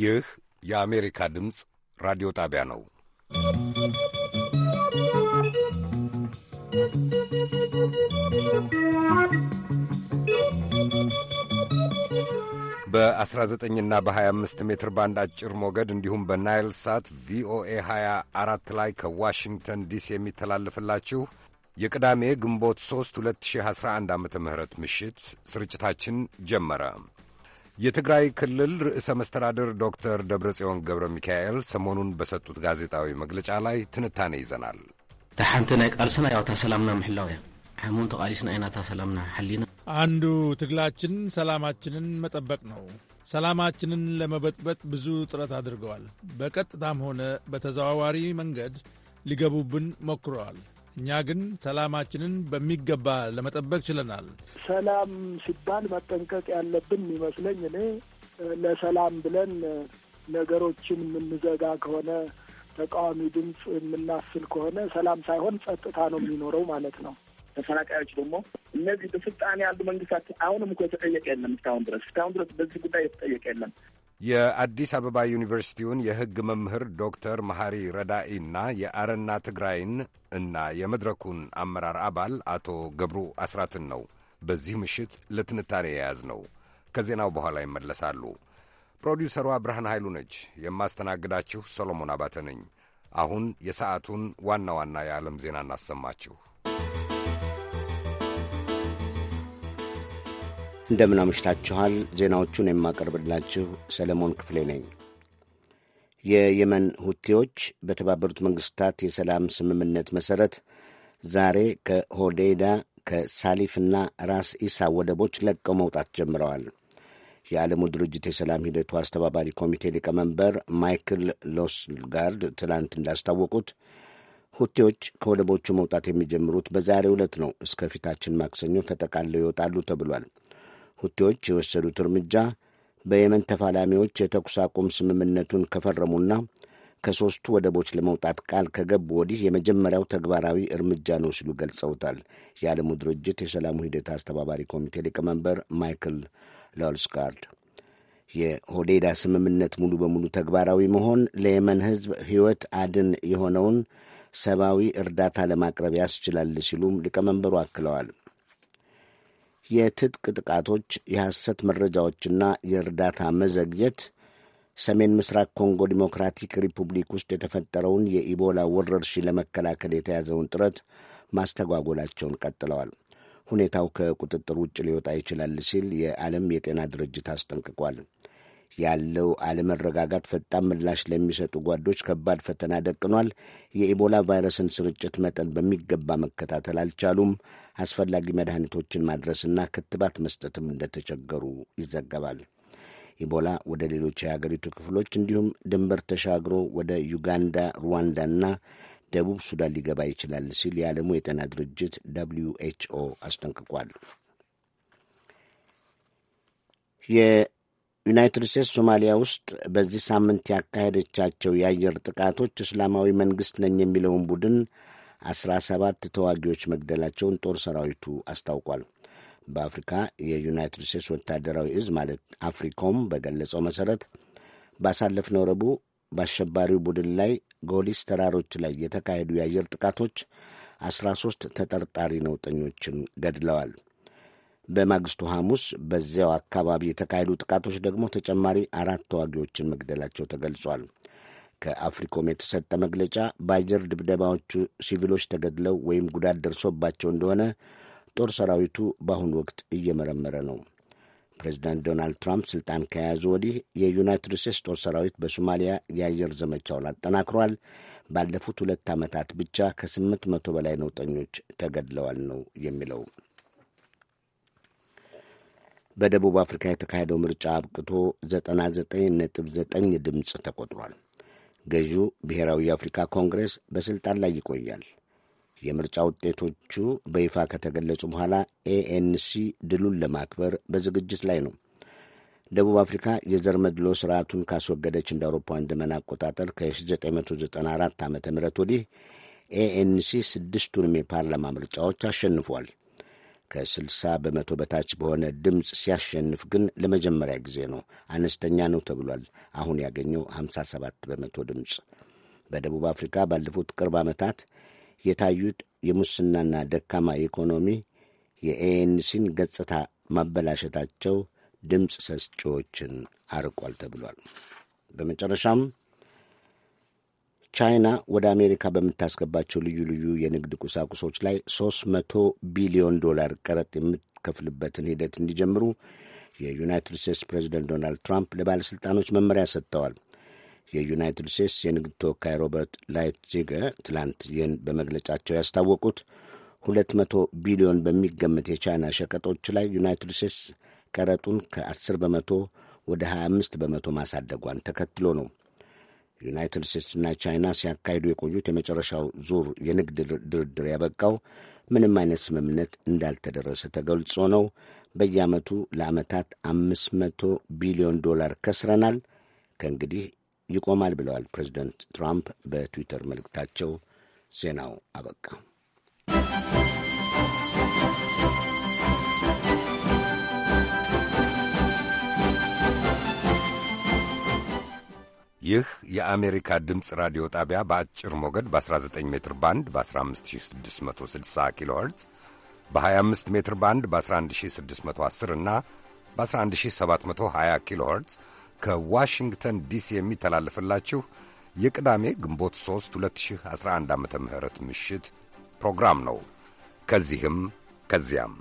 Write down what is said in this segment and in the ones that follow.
ይህ የአሜሪካ ድምፅ ራዲዮ ጣቢያ ነው። በ19ና በ25 ሜትር ባንድ አጭር ሞገድ እንዲሁም በናይል ሳት ቪኦኤ 24 ላይ ከዋሽንግተን ዲሲ የሚተላለፍላችሁ የቅዳሜ ግንቦት 3 2011 ዓ ም ምሽት ስርጭታችን ጀመረ። የትግራይ ክልል ርዕሰ መስተዳድር ዶክተር ደብረጽዮን ገብረ ሚካኤል ሰሞኑን በሰጡት ጋዜጣዊ መግለጫ ላይ ትንታኔ ይዘናል። እታ ሓንቲ ናይ ቃልስና ያው እታ ሰላምና ምሕላው እያ ሓሙን ተቃሊስና ኢና ሰላምና ሓሊና አንዱ ትግላችን ሰላማችንን መጠበቅ ነው። ሰላማችንን ለመበጥበጥ ብዙ ጥረት አድርገዋል። በቀጥታም ሆነ በተዘዋዋሪ መንገድ ሊገቡብን ሞክረዋል። እኛ ግን ሰላማችንን በሚገባ ለመጠበቅ ችለናል። ሰላም ሲባል መጠንቀቅ ያለብን ይመስለኝ እኔ ለሰላም ብለን ነገሮችን የምንዘጋ ከሆነ ተቃዋሚ ድምፅ የምናፍን ከሆነ ሰላም ሳይሆን ጸጥታ ነው የሚኖረው ማለት ነው። ተፈናቃዮች ደግሞ እነዚህ በስልጣን ያሉ መንግስታት አሁንም እኮ የተጠየቀ የለም እስካሁን ድረስ እስካሁን ድረስ በዚህ ጉዳይ የተጠየቀ የለም። የአዲስ አበባ ዩኒቨርሲቲውን የሕግ መምህር ዶክተር መሐሪ ረዳኢና የአረና ትግራይን እና የመድረኩን አመራር አባል አቶ ገብሩ አስራትን ነው በዚህ ምሽት ለትንታኔ የያዝ ነው። ከዜናው በኋላ ይመለሳሉ። ፕሮዲውሰሯ ብርሃን ኃይሉ ነች። የማስተናግዳችሁ ሰሎሞን አባተ ነኝ። አሁን የሰዓቱን ዋና ዋና የዓለም ዜና እናሰማችሁ። እንደምን አምሽታችኋል። ዜናዎቹን የማቀርብላችሁ ሰለሞን ክፍሌ ነኝ። የየመን ሁቴዎች በተባበሩት መንግሥታት የሰላም ስምምነት መሠረት ዛሬ ከሆዴዳ ከሳሊፍና ራስ ኢሳ ወደቦች ለቀው መውጣት ጀምረዋል። የዓለሙ ድርጅት የሰላም ሂደቱ አስተባባሪ ኮሚቴ ሊቀመንበር ማይክል ሎስልጋርድ ትላንት እንዳስታወቁት ሁቴዎች ከወደቦቹ መውጣት የሚጀምሩት በዛሬ ዕለት ነው። እስከ ፊታችን ማክሰኞ ተጠቃለው ይወጣሉ ተብሏል። ሁቲዎች የወሰዱት እርምጃ በየመን ተፋላሚዎች የተኩስ አቁም ስምምነቱን ከፈረሙና ከሦስቱ ወደቦች ለመውጣት ቃል ከገቡ ወዲህ የመጀመሪያው ተግባራዊ እርምጃ ነው ሲሉ ገልጸውታል። የዓለሙ ድርጅት የሰላሙ ሂደት አስተባባሪ ኮሚቴ ሊቀመንበር ማይክል ሎልስጋርድ የሆዴዳ ስምምነት ሙሉ በሙሉ ተግባራዊ መሆን ለየመን ሕዝብ ሕይወት አድን የሆነውን ሰብአዊ እርዳታ ለማቅረብ ያስችላል ሲሉም ሊቀመንበሩ አክለዋል። የትጥቅ ጥቃቶች፣ የሐሰት መረጃዎችና የእርዳታ መዘግየት ሰሜን ምስራቅ ኮንጎ ዲሞክራቲክ ሪፑብሊክ ውስጥ የተፈጠረውን የኢቦላ ወረርሽኝ ለመከላከል የተያዘውን ጥረት ማስተጓጎላቸውን ቀጥለዋል። ሁኔታው ከቁጥጥር ውጭ ሊወጣ ይችላል ሲል የዓለም የጤና ድርጅት አስጠንቅቋል። ያለው አለመረጋጋት ፈጣን ምላሽ ለሚሰጡ ጓዶች ከባድ ፈተና ደቅኗል። የኢቦላ ቫይረስን ስርጭት መጠን በሚገባ መከታተል አልቻሉም። አስፈላጊ መድኃኒቶችን ማድረስና ክትባት መስጠትም እንደተቸገሩ ይዘገባል። ኢቦላ ወደ ሌሎች የሀገሪቱ ክፍሎች እንዲሁም ድንበር ተሻግሮ ወደ ዩጋንዳ፣ ሩዋንዳና ደቡብ ሱዳን ሊገባ ይችላል ሲል የዓለሙ የጤና ድርጅት ደብልዩ ኤች ኦ አስጠንቅቋል። ዩናይትድ ስቴትስ ሶማሊያ ውስጥ በዚህ ሳምንት ያካሄደቻቸው የአየር ጥቃቶች እስላማዊ መንግሥት ነኝ የሚለውን ቡድን አስራ ሰባት ተዋጊዎች መግደላቸውን ጦር ሰራዊቱ አስታውቋል። በአፍሪካ የዩናይትድ ስቴትስ ወታደራዊ እዝ ማለት አፍሪኮም በገለጸው መሠረት ባሳለፍነው ረቡዕ በአሸባሪው ቡድን ላይ ጎሊስ ተራሮች ላይ የተካሄዱ የአየር ጥቃቶች አስራ ሶስት ተጠርጣሪ ነውጠኞችን ገድለዋል። በማግስቱ ሐሙስ በዚያው አካባቢ የተካሄዱ ጥቃቶች ደግሞ ተጨማሪ አራት ተዋጊዎችን መግደላቸው ተገልጿል። ከአፍሪኮም የተሰጠ መግለጫ በአየር ድብደባዎቹ ሲቪሎች ተገድለው ወይም ጉዳት ደርሶባቸው እንደሆነ ጦር ሰራዊቱ በአሁኑ ወቅት እየመረመረ ነው። ፕሬዚዳንት ዶናልድ ትራምፕ ስልጣን ከያዙ ወዲህ የዩናይትድ ስቴትስ ጦር ሰራዊት በሶማሊያ የአየር ዘመቻውን አጠናክሯል። ባለፉት ሁለት ዓመታት ብቻ ከስምንት መቶ በላይ ነውጠኞች ተገድለዋል ነው የሚለው በደቡብ አፍሪካ የተካሄደው ምርጫ አብቅቶ 99.9 ድምፅ ተቆጥሯል። ገዢው ብሔራዊ የአፍሪካ ኮንግሬስ በሥልጣን ላይ ይቆያል። የምርጫ ውጤቶቹ በይፋ ከተገለጹ በኋላ ኤኤንሲ ድሉን ለማክበር በዝግጅት ላይ ነው። ደቡብ አፍሪካ የዘር መድሎ ስርዓቱን ካስወገደች እንደ አውሮፓውያን ዘመን አቆጣጠር ከ1994 ዓ ም ወዲህ ኤኤንሲ ስድስቱንም የፓርላማ ምርጫዎች አሸንፏል። ከ60 በመቶ በታች በሆነ ድምፅ ሲያሸንፍ ግን ለመጀመሪያ ጊዜ ነው። አነስተኛ ነው ተብሏል። አሁን ያገኘው 57 በመቶ ድምፅ። በደቡብ አፍሪካ ባለፉት ቅርብ ዓመታት የታዩት የሙስናና ደካማ ኢኮኖሚ የኤኤንሲን ገጽታ ማበላሸታቸው ድምፅ ሰጪዎችን አርቋል ተብሏል። በመጨረሻም ቻይና ወደ አሜሪካ በምታስገባቸው ልዩ ልዩ የንግድ ቁሳቁሶች ላይ 300 ቢሊዮን ዶላር ቀረጥ የምትከፍልበትን ሂደት እንዲጀምሩ የዩናይትድ ስቴትስ ፕሬዚደንት ዶናልድ ትራምፕ ለባለሥልጣኖች መመሪያ ሰጥተዋል። የዩናይትድ ስቴትስ የንግድ ተወካይ ሮበርት ላይትዚገር ትላንት ይህን በመግለጫቸው ያስታወቁት 200 ቢሊዮን በሚገመት የቻይና ሸቀጦች ላይ ዩናይትድ ስቴትስ ቀረጡን ከ10 በመቶ ወደ 25 በመቶ ማሳደጓን ተከትሎ ነው። ዩናይትድ ስቴትስና ቻይና ሲያካሂዱ የቆዩት የመጨረሻው ዙር የንግድ ድርድር ያበቃው ምንም አይነት ስምምነት እንዳልተደረሰ ተገልጾ ነው። በየዓመቱ ለዓመታት አምስት መቶ ቢሊዮን ዶላር ከስረናል፣ ከእንግዲህ ይቆማል ብለዋል ፕሬዚደንት ትራምፕ በትዊተር መልእክታቸው። ዜናው አበቃ። ይህ የአሜሪካ ድምፅ ራዲዮ ጣቢያ በአጭር ሞገድ በ19 ሜትር ባንድ በ15660 ኪሎ ኸርትዝ በ25 ሜትር ባንድ በ11610 እና በ11720 ኪሎ ኸርትዝ ከዋሽንግተን ዲሲ የሚተላለፍላችሁ የቅዳሜ ግንቦት 3 2011 ዓ ም ምሽት ፕሮግራም ነው። ከዚህም ከዚያም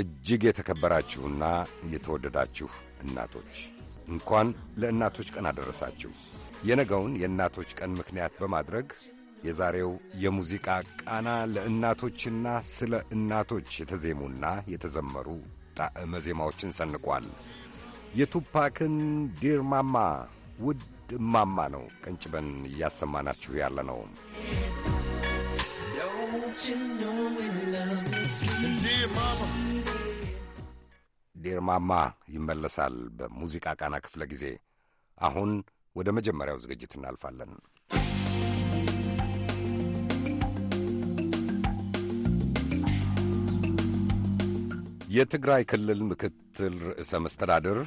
እጅግ የተከበራችሁና የተወደዳችሁ እናቶች እንኳን ለእናቶች ቀን አደረሳችሁ። የነገውን የእናቶች ቀን ምክንያት በማድረግ የዛሬው የሙዚቃ ቃና ለእናቶችና ስለ እናቶች የተዜሙና የተዘመሩ ጣዕመ ዜማዎችን ሰንቋል። የቱፓክን ዲር ማማ ውድ እማማ ነው ቀንጭበን እያሰማናችሁ ያለ ነው። ዴር ማማ ይመለሳል በሙዚቃ ቃና ክፍለ ጊዜ። አሁን ወደ መጀመሪያው ዝግጅት እናልፋለን። የትግራይ ክልል ምክትል ርዕሰ መስተዳድር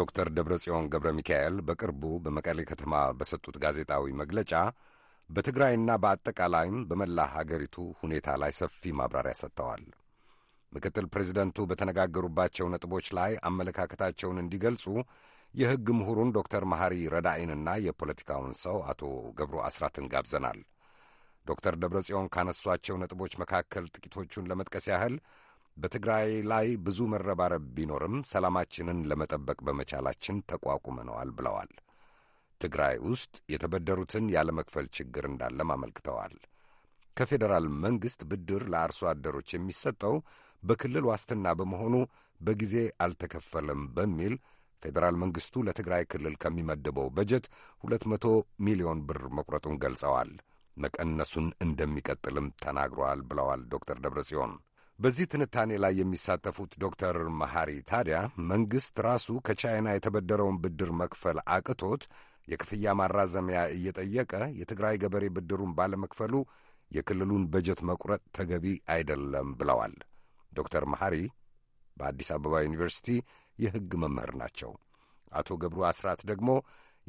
ዶክተር ደብረጽዮን ገብረ ሚካኤል በቅርቡ በመቀሌ ከተማ በሰጡት ጋዜጣዊ መግለጫ በትግራይና በአጠቃላይም በመላ ሀገሪቱ ሁኔታ ላይ ሰፊ ማብራሪያ ሰጥተዋል። ምክትል ፕሬዚደንቱ በተነጋገሩባቸው ነጥቦች ላይ አመለካከታቸውን እንዲገልጹ የሕግ ምሁሩን ዶክተር መሐሪ ረዳኢንና የፖለቲካውን ሰው አቶ ገብሩ አስራትን ጋብዘናል። ዶክተር ደብረጽዮን ካነሷቸው ነጥቦች መካከል ጥቂቶቹን ለመጥቀስ ያህል በትግራይ ላይ ብዙ መረባረብ ቢኖርም ሰላማችንን ለመጠበቅ በመቻላችን ተቋቁመነዋል ብለዋል። ትግራይ ውስጥ የተበደሩትን ያለመክፈል ችግር እንዳለም አመልክተዋል። ከፌዴራል መንግሥት ብድር ለአርሶ አደሮች የሚሰጠው በክልል ዋስትና በመሆኑ በጊዜ አልተከፈለም በሚል ፌዴራል መንግሥቱ ለትግራይ ክልል ከሚመድበው በጀት 200 ሚሊዮን ብር መቁረጡን ገልጸዋል። መቀነሱን እንደሚቀጥልም ተናግረዋል ብለዋል ዶክተር ደብረ ጽዮን በዚህ ትንታኔ ላይ የሚሳተፉት ዶክተር መሐሪ ታዲያ መንግሥት ራሱ ከቻይና የተበደረውን ብድር መክፈል አቅቶት የክፍያ ማራዘሚያ እየጠየቀ የትግራይ ገበሬ ብድሩን ባለመክፈሉ የክልሉን በጀት መቁረጥ ተገቢ አይደለም ብለዋል። ዶክተር መሐሪ በአዲስ አበባ ዩኒቨርሲቲ የሕግ መምህር ናቸው። አቶ ገብሩ አስራት ደግሞ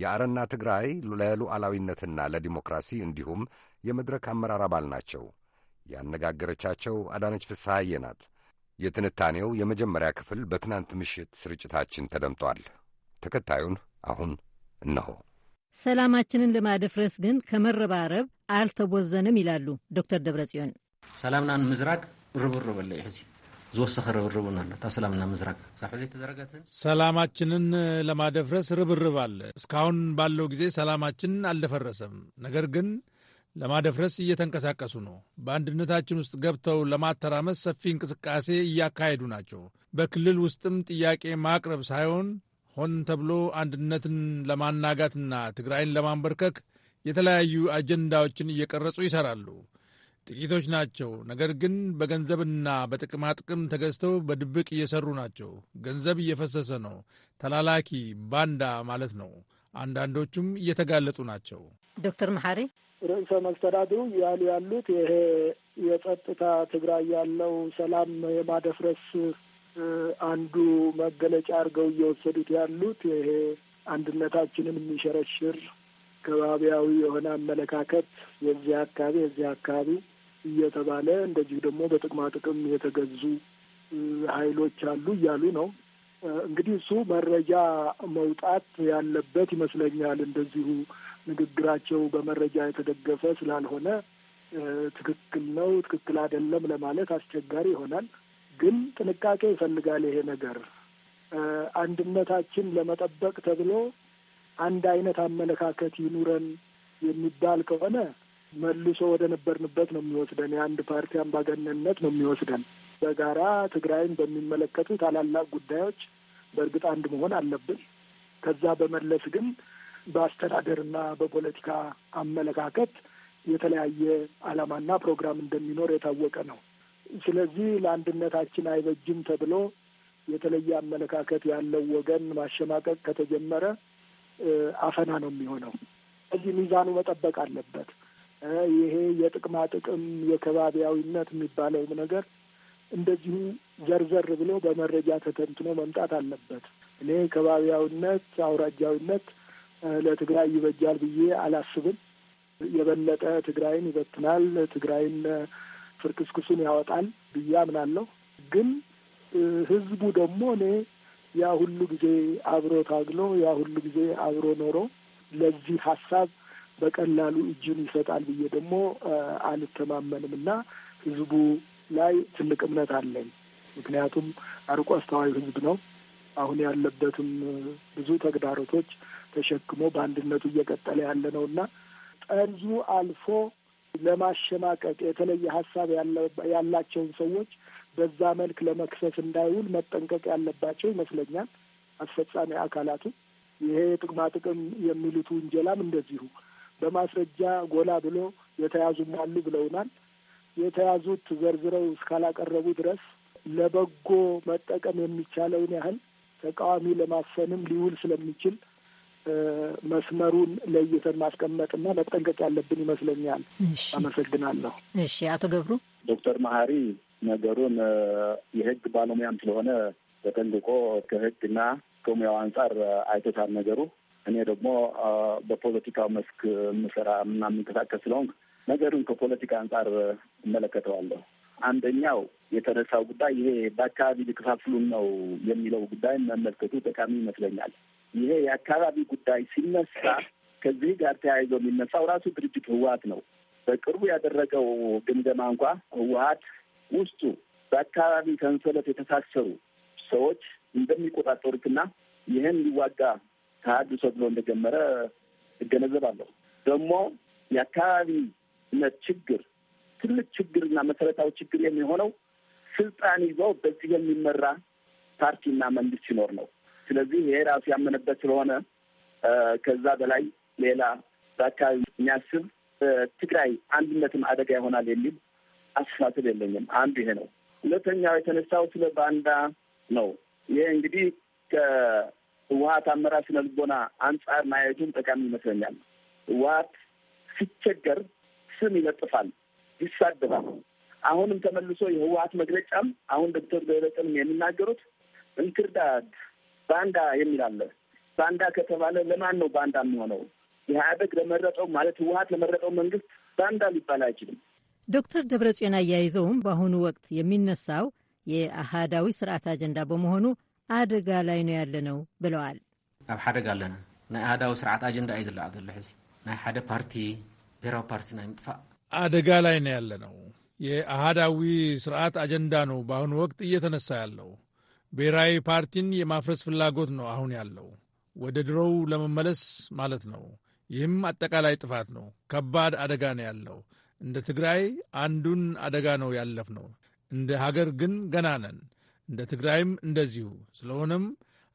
የአረና ትግራይ ለሉዓላዊነትና ለዲሞክራሲ እንዲሁም የመድረክ አመራር አባል ናቸው። ያነጋገረቻቸው አዳነች ፍስሐዬ ናት። የትንታኔው የመጀመሪያ ክፍል በትናንት ምሽት ስርጭታችን ተደምጧል። ተከታዩን አሁን እነሆ። ሰላማችንን ለማደፍረስ ግን ከመረባረብ አልተቦዘንም ይላሉ ዶክተር ደብረጽዮን። ሰላምና ምዝራቅ ርብርብ አለ ሕዚ ርብርብ ኣሎ እታ ሰላምና ምዝራቅ ሕዚ ተዘረጋትን ሰላማችንን ለማደፍረስ ርብርብ አለ። እስካሁን ባለው ጊዜ ሰላማችን አልደፈረሰም። ነገር ግን ለማደፍረስ እየተንቀሳቀሱ ነው። በአንድነታችን ውስጥ ገብተው ለማተራመስ ሰፊ እንቅስቃሴ እያካሄዱ ናቸው። በክልል ውስጥም ጥያቄ ማቅረብ ሳይሆን ሆን ተብሎ አንድነትን ለማናጋትና ትግራይን ለማንበርከክ የተለያዩ አጀንዳዎችን እየቀረጹ ይሠራሉ። ጥቂቶች ናቸው። ነገር ግን በገንዘብና በጥቅማጥቅም ተገዝተው በድብቅ እየሠሩ ናቸው። ገንዘብ እየፈሰሰ ነው። ተላላኪ ባንዳ ማለት ነው። አንዳንዶቹም እየተጋለጡ ናቸው። ዶክተር መሐሪ ርዕሰ መስተዳድሩ እያሉ ያሉት ይሄ የጸጥታ ትግራይ ያለው ሰላም የማደፍረስ አንዱ መገለጫ አድርገው እየወሰዱት ያሉት ይሄ አንድነታችንን የሚሸረሽር ከባቢያዊ የሆነ አመለካከት የዚህ አካባቢ የዚህ አካባቢ እየተባለ እንደዚሁ ደግሞ በጥቅማ ጥቅም የተገዙ ኃይሎች አሉ እያሉ ነው። እንግዲህ እሱ መረጃ መውጣት ያለበት ይመስለኛል እንደዚሁ ንግግራቸው በመረጃ የተደገፈ ስላልሆነ ትክክል ነው፣ ትክክል አይደለም ለማለት አስቸጋሪ ይሆናል። ግን ጥንቃቄ ይፈልጋል ይሄ ነገር። አንድነታችን ለመጠበቅ ተብሎ አንድ አይነት አመለካከት ይኑረን የሚባል ከሆነ መልሶ ወደ ነበርንበት ነው የሚወስደን። የአንድ ፓርቲ አምባገነንነት ነው የሚወስደን። በጋራ ትግራይን በሚመለከቱ ታላላቅ ጉዳዮች በእርግጥ አንድ መሆን አለብን። ከዛ በመለስ ግን በአስተዳደርና በፖለቲካ አመለካከት የተለያየ ዓላማና ፕሮግራም እንደሚኖር የታወቀ ነው። ስለዚህ ለአንድነታችን አይበጅም ተብሎ የተለየ አመለካከት ያለው ወገን ማሸማቀቅ ከተጀመረ አፈና ነው የሚሆነው። እዚህ ሚዛኑ መጠበቅ አለበት። ይሄ የጥቅማ ጥቅም የከባቢያዊነት የሚባለውም ነገር እንደዚሁ ዘርዘር ብሎ በመረጃ ተተንትኖ መምጣት አለበት። እኔ ከባቢያዊነት፣ አውራጃዊነት ለትግራይ ይበጃል ብዬ አላስብም። የበለጠ ትግራይን ይበትናል፣ ትግራይን ፍርክስክሱን ያወጣል ብዬ አምናለሁ። ግን ህዝቡ ደግሞ እኔ ያ ሁሉ ጊዜ አብሮ ታግሎ ያ ሁሉ ጊዜ አብሮ ኖሮ ለዚህ ሀሳብ በቀላሉ እጁን ይሰጣል ብዬ ደግሞ አልተማመንም እና ህዝቡ ላይ ትልቅ እምነት አለኝ። ምክንያቱም አርቆ አስተዋይ ህዝብ ነው። አሁን ያለበትም ብዙ ተግዳሮቶች ተሸክሞ በአንድነቱ እየቀጠለ ያለ ነው እና ጠርዙ አልፎ ለማሸማቀቅ የተለየ ሀሳብ ያላቸውን ሰዎች በዛ መልክ ለመክሰስ እንዳይውል መጠንቀቅ ያለባቸው ይመስለኛል አስፈጻሚ አካላቱ። ይሄ ጥቅማ ጥቅም የሚሉት ውንጀላም እንደዚሁ በማስረጃ ጎላ ብሎ የተያዙም አሉ ብለውናል። የተያዙት ዘርዝረው እስካላቀረቡ ድረስ ለበጎ መጠቀም የሚቻለውን ያህል ተቃዋሚ ለማፈንም ሊውል ስለሚችል መስመሩን ለይተን ማስቀመጥና መጠንቀቅ ያለብን ይመስለኛል። አመሰግናለሁ። እሺ፣ አቶ ገብሩ። ዶክተር መሀሪ ነገሩን የህግ ባለሙያም ስለሆነ በጠንቅቆ ከህግና ከሙያው አንጻር አይቶታል ነገሩ። እኔ ደግሞ በፖለቲካው መስክ የምሰራ እና የምንቀሳቀስ ነገሩን ከፖለቲካ አንጻር እመለከተዋለሁ። አንደኛው የተነሳው ጉዳይ ይሄ በአካባቢ ሊከፋፍሉን ነው የሚለው ጉዳይ መመልከቱ ጠቃሚ ይመስለኛል። ይሄ የአካባቢ ጉዳይ ሲነሳ ከዚህ ጋር ተያይዞ የሚነሳው ራሱ ድርጅት ህወሀት ነው። በቅርቡ ያደረገው ግምገማ እንኳ ህወሀት ውስጡ በአካባቢ ሰንሰለት የተሳሰሩ ሰዎች እንደሚቆጣጠሩትና ይህን ሊዋጋ ተሀድሶ ብሎ እንደጀመረ እገነዘባለሁ። ደግሞ የአካባቢነት ችግር ትልቅ ችግርና መሰረታዊ ችግር የሚሆነው ስልጣን ይዞ በዚህ የሚመራ ፓርቲና መንግስት ሲኖር ነው። ስለዚህ ይሄ ራሱ ያመነበት ስለሆነ ከዛ በላይ ሌላ በአካባቢ የሚያስብ ትግራይ አንድነትም አደጋ ይሆናል የሚል አስተሳሰብ የለኝም። አንዱ ይሄ ነው። ሁለተኛው የተነሳው ስለ ባንዳ ነው። ይሄ እንግዲህ ከህወሀት አመራር ስነ ልቦና አንጻር ማየቱን ጠቃሚ ይመስለኛል። ህወሀት ሲቸገር ስም ይለጥፋል፣ ይሳደባል። አሁንም ተመልሶ የህወሀት መግለጫም አሁን ዶክተር ደብረጽዮንም የሚናገሩት እንክርዳድ ባንዳ የሚል አለ። ባንዳ ከተባለ ለማን ነው ባንዳ የሚሆነው? ኢህአዴግ ለመረጠው ማለት ህወሀት ለመረጠው መንግስት ባንዳ ሊባል አይችልም። ዶክተር ደብረጽዮን አያይዘውም በአሁኑ ወቅት የሚነሳው የአህዳዊ ስርዓት አጀንዳ በመሆኑ አደጋ ላይ ነው ያለ ነው ብለዋል። ኣብ ሓደጋ ኣለና ናይ ኣህዳዊ ስርዓት ኣጀንዳ እዩ ዝለዓል ዘሎ ሕዚ ናይ ሓደ ፓርቲ ብሔራዊ ፓርቲ ናይ ምጥፋእ አደጋ ላይ ነው ያለ ነው። የአህዳዊ ስርዓት አጀንዳ ነው በአሁኑ ወቅት እየተነሳ ያለው ብሔራዊ ፓርቲን የማፍረስ ፍላጎት ነው አሁን ያለው፣ ወደ ድሮው ለመመለስ ማለት ነው። ይህም አጠቃላይ ጥፋት ነው። ከባድ አደጋ ነው ያለው። እንደ ትግራይ አንዱን አደጋ ነው ያለፍ ነው። እንደ ሀገር ግን ገና ነን። እንደ ትግራይም እንደዚሁ። ስለሆነም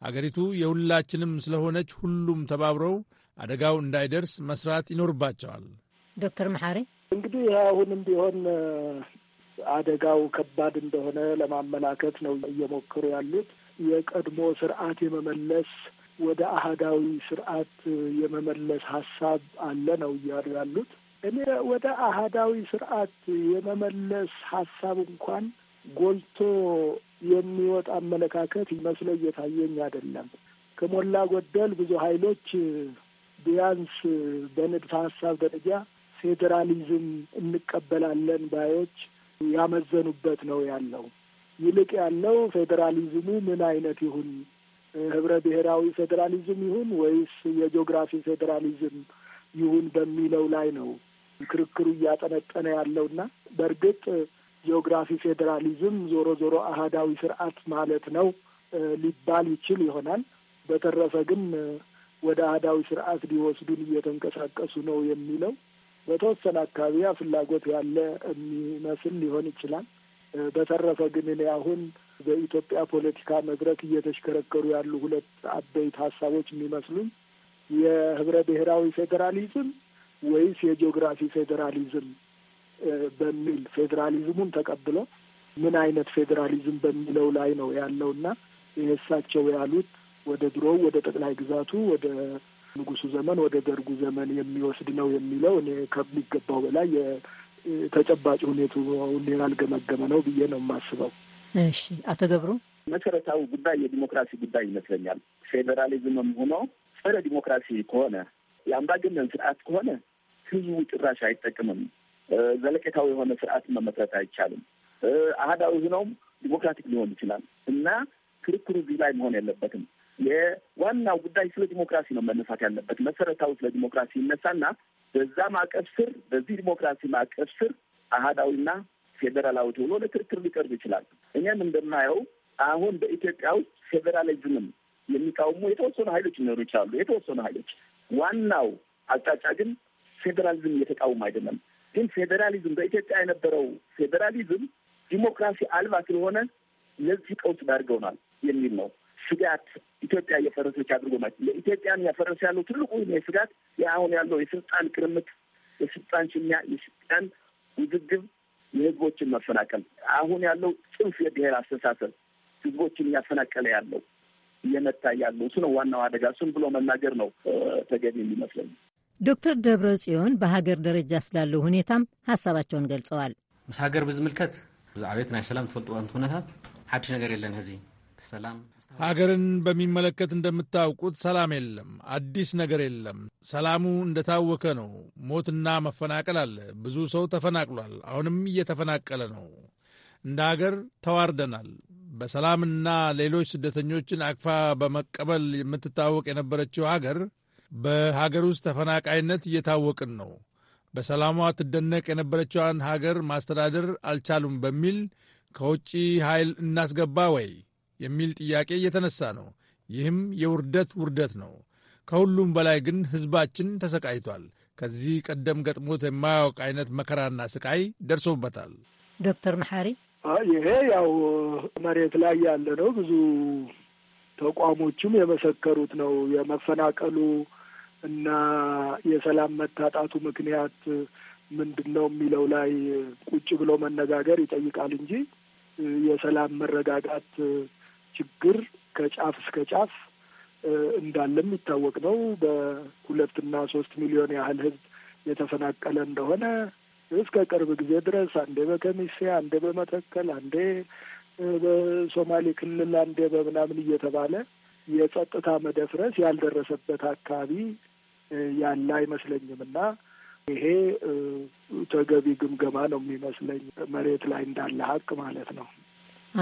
አገሪቱ የሁላችንም ስለሆነች ሁሉም ተባብረው አደጋው እንዳይደርስ መስራት ይኖርባቸዋል። ዶክተር መሐሪ እንግዲህ አሁንም ቢሆን አደጋው ከባድ እንደሆነ ለማመላከት ነው እየሞከሩ ያሉት። የቀድሞ ስርዓት የመመለስ ወደ አህዳዊ ስርዓት የመመለስ ሀሳብ አለ ነው እያሉ ያሉት። እኔ ወደ አህዳዊ ስርዓት የመመለስ ሀሳብ እንኳን ጎልቶ የሚወጣ አመለካከት መስሎ እየታየኝ አይደለም። ከሞላ ጎደል ብዙ ኃይሎች ቢያንስ በንድፈ ሀሳብ ደረጃ ፌዴራሊዝም እንቀበላለን ባዮች ያመዘኑበት ነው ያለው። ይልቅ ያለው ፌዴራሊዝሙ ምን አይነት ይሁን ህብረ ብሔራዊ ፌዴራሊዝም ይሁን ወይስ የጂኦግራፊ ፌዴራሊዝም ይሁን በሚለው ላይ ነው ክርክሩ እያጠነጠነ ያለውና በእርግጥ ጂኦግራፊ ፌዴራሊዝም ዞሮ ዞሮ አህዳዊ ስርዓት ማለት ነው ሊባል ይችል ይሆናል። በተረፈ ግን ወደ አህዳዊ ስርዓት ሊወስዱን እየተንቀሳቀሱ ነው የሚለው በተወሰነ አካባቢ ያ ፍላጎት ያለ የሚመስል ሊሆን ይችላል። በተረፈ ግን እኔ አሁን በኢትዮጵያ ፖለቲካ መድረክ እየተሽከረከሩ ያሉ ሁለት አበይት ሀሳቦች የሚመስሉኝ የህብረ ብሔራዊ ፌዴራሊዝም ወይስ የጂኦግራፊ ፌዴራሊዝም በሚል ፌዴራሊዝሙን ተቀብሎ ምን አይነት ፌዴራሊዝም በሚለው ላይ ነው ያለውና የእሳቸው ያሉት ወደ ድሮው ወደ ጠቅላይ ግዛቱ ወደ ንጉሱ ዘመን ወደ ደርጉ ዘመን የሚወስድ ነው የሚለው እኔ ከሚገባው በላይ የተጨባጭ ሁኔታውን ያልገመገመ ነው ብዬ ነው የማስበው። እሺ፣ አቶ ገብሩ መሰረታዊ ጉዳይ የዲሞክራሲ ጉዳይ ይመስለኛል። ፌዴራሊዝምም ሆኖ ጸረ ዲሞክራሲ ከሆነ የአምባገነን ስርዓት ከሆነ ህዝቡ ጭራሽ አይጠቅምም። ዘለቄታዊ የሆነ ስርዓት መመስረት አይቻልም። አህዳዊ ሆኖም ዲሞክራቲክ ሊሆን ይችላል እና ክርክሩ እዚህ ላይ መሆን የለበትም። የዋናው ጉዳይ ስለ ዲሞክራሲ ነው መነሳት ያለበት። መሰረታዊ ስለ ዲሞክራሲ ይነሳና በዛ ማዕቀፍ ስር በዚህ ዲሞክራሲ ማዕቀፍ ስር አህዳዊና ፌዴራላዊ ተብሎ ለክርክር ሊቀርብ ይችላል። እኛም እንደማየው አሁን በኢትዮጵያ ውስጥ ፌዴራሊዝምም የሚቃወሙ የተወሰኑ ኃይሎች ሊኖሩ ይችላሉ። የተወሰኑ ኃይሎች ዋናው አቅጣጫ ግን ፌዴራሊዝም እየተቃወሙ አይደለም። ግን ፌዴራሊዝም በኢትዮጵያ የነበረው ፌዴራሊዝም ዲሞክራሲ አልባ ስለሆነ ለዚህ ቀውስ ዳርገውናል የሚል ነው። ስጋት ኢትዮጵያ እየፈረሰች አድርጎ ማለት ኢትዮጵያን ያፈረሰ ያለው ትልቁ ስጋት አሁን ያለው የስልጣን ቅርምት፣ የስልጣን ሽሚያ፣ የስልጣን ውዝግብ፣ የህዝቦችን መፈናቀል አሁን ያለው ጽንፍ የብሔር አስተሳሰብ ህዝቦችን እያፈናቀለ ያለው እየመታ ያለው እሱ ነው ዋናው አደጋ። እሱን ብሎ መናገር ነው ተገቢ የሚመስለኝ። ዶክተር ደብረ ጽዮን በሀገር ደረጃ ስላለው ሁኔታም ሀሳባቸውን ገልጸዋል። ምስ ሀገር ብዝምልከት ብዙ ብዛዕቤት ናይ ሰላም ትፈልጥዎ ኩነታት ሓድሽ ነገር የለን ህዚ ሰላም ሀገርን በሚመለከት እንደምታውቁት ሰላም የለም፣ አዲስ ነገር የለም። ሰላሙ እንደታወከ ነው። ሞትና መፈናቀል አለ። ብዙ ሰው ተፈናቅሏል፣ አሁንም እየተፈናቀለ ነው። እንደ ሀገር ተዋርደናል። በሰላምና ሌሎች ስደተኞችን አቅፋ በመቀበል የምትታወቅ የነበረችው ሀገር በሀገር ውስጥ ተፈናቃይነት እየታወቅን ነው። በሰላሟ ትደነቅ የነበረችዋን ሀገር ማስተዳደር አልቻሉም በሚል ከውጪ ኃይል እናስገባ ወይ የሚል ጥያቄ እየተነሳ ነው። ይህም የውርደት ውርደት ነው። ከሁሉም በላይ ግን ሕዝባችን ተሰቃይቷል። ከዚህ ቀደም ገጥሞት የማያውቅ አይነት መከራና ስቃይ ደርሶበታል። ዶክተር መሐሪ ይሄ ያው መሬት ላይ ያለ ነው። ብዙ ተቋሞችም የመሰከሩት ነው። የመፈናቀሉ እና የሰላም መታጣቱ ምክንያት ምንድን ነው የሚለው ላይ ቁጭ ብሎ መነጋገር ይጠይቃል እንጂ የሰላም መረጋጋት ችግር ከጫፍ እስከ ጫፍ እንዳለ የሚታወቅ ነው። በሁለትና ሶስት ሚሊዮን ያህል ህዝብ የተፈናቀለ እንደሆነ እስከ ቅርብ ጊዜ ድረስ አንዴ በከሚሴ አንዴ በመተከል አንዴ በሶማሌ ክልል አንዴ በምናምን እየተባለ የጸጥታ መደፍረስ ያልደረሰበት አካባቢ ያለ አይመስለኝም እና ይሄ ተገቢ ግምገማ ነው የሚመስለኝ መሬት ላይ እንዳለ ሀቅ ማለት ነው።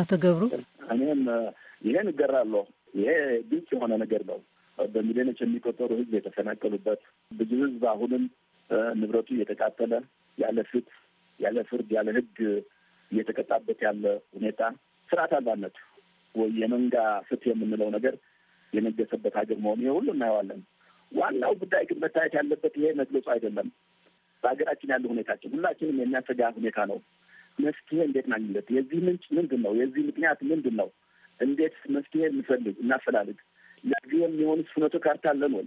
አቶ ገብሩ እኔም ይሄን እገራለሁ። ይሄ ግልጽ የሆነ ነገር ነው። በሚሊዮኖች የሚቆጠሩ ህዝብ የተፈናቀሉበት ብዙ ህዝብ አሁንም ንብረቱ እየተቃጠለ ያለ ፍት ያለ ፍርድ ያለ ህግ እየተቀጣበት ያለ ሁኔታ ስርዓት አልባነት ወይ የመንጋ ፍትህ የምንለው ነገር የነገሰበት ሀገር መሆኑ ይሄ ሁሉ እናየዋለን። ዋናው ጉዳይ ግን መታየት ያለበት ይሄ መግለጹ አይደለም። በሀገራችን ያለ ሁኔታችን ሁላችንም የሚያሰጋ ሁኔታ ነው። መፍትሄ እንዴት ማግኘት፣ የዚህ ምንጭ ምንድን ነው? የዚህ ምክንያት ምንድን ነው? እንዴት መፍትሄ እንፈልግ እናፈላልግ? ለዚህ የሚሆኑ ፍኖተ ካርታ አለን ወይ?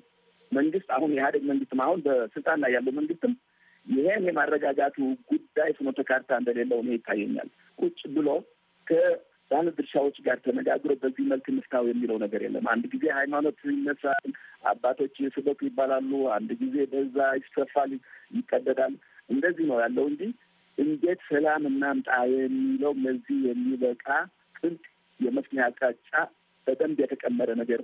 መንግስት አሁን የኢህአዴግ መንግስትም አሁን በስልጣን ላይ ያለው መንግስትም ይሄን የማረጋጋቱ ጉዳይ ፍኖተ ካርታ እንደሌለው እኔ ይታየኛል። ቁጭ ብሎ ከባለ ድርሻዎች ጋር ተነጋግሮ በዚህ መልክ እንፍታው የሚለው ነገር የለም። አንድ ጊዜ ሃይማኖት ይነሳል፣ አባቶች ስበኩ ይባላሉ። አንድ ጊዜ በዛ ይሰፋል፣ ይቀደዳል። እንደዚህ ነው ያለው እንጂ እንዴት ሰላም እናምጣ የሚለው ለዚህ የሚበቃ ጥልቅ የመፍትሄ አቅጣጫ በደንብ የተቀመረ ነገር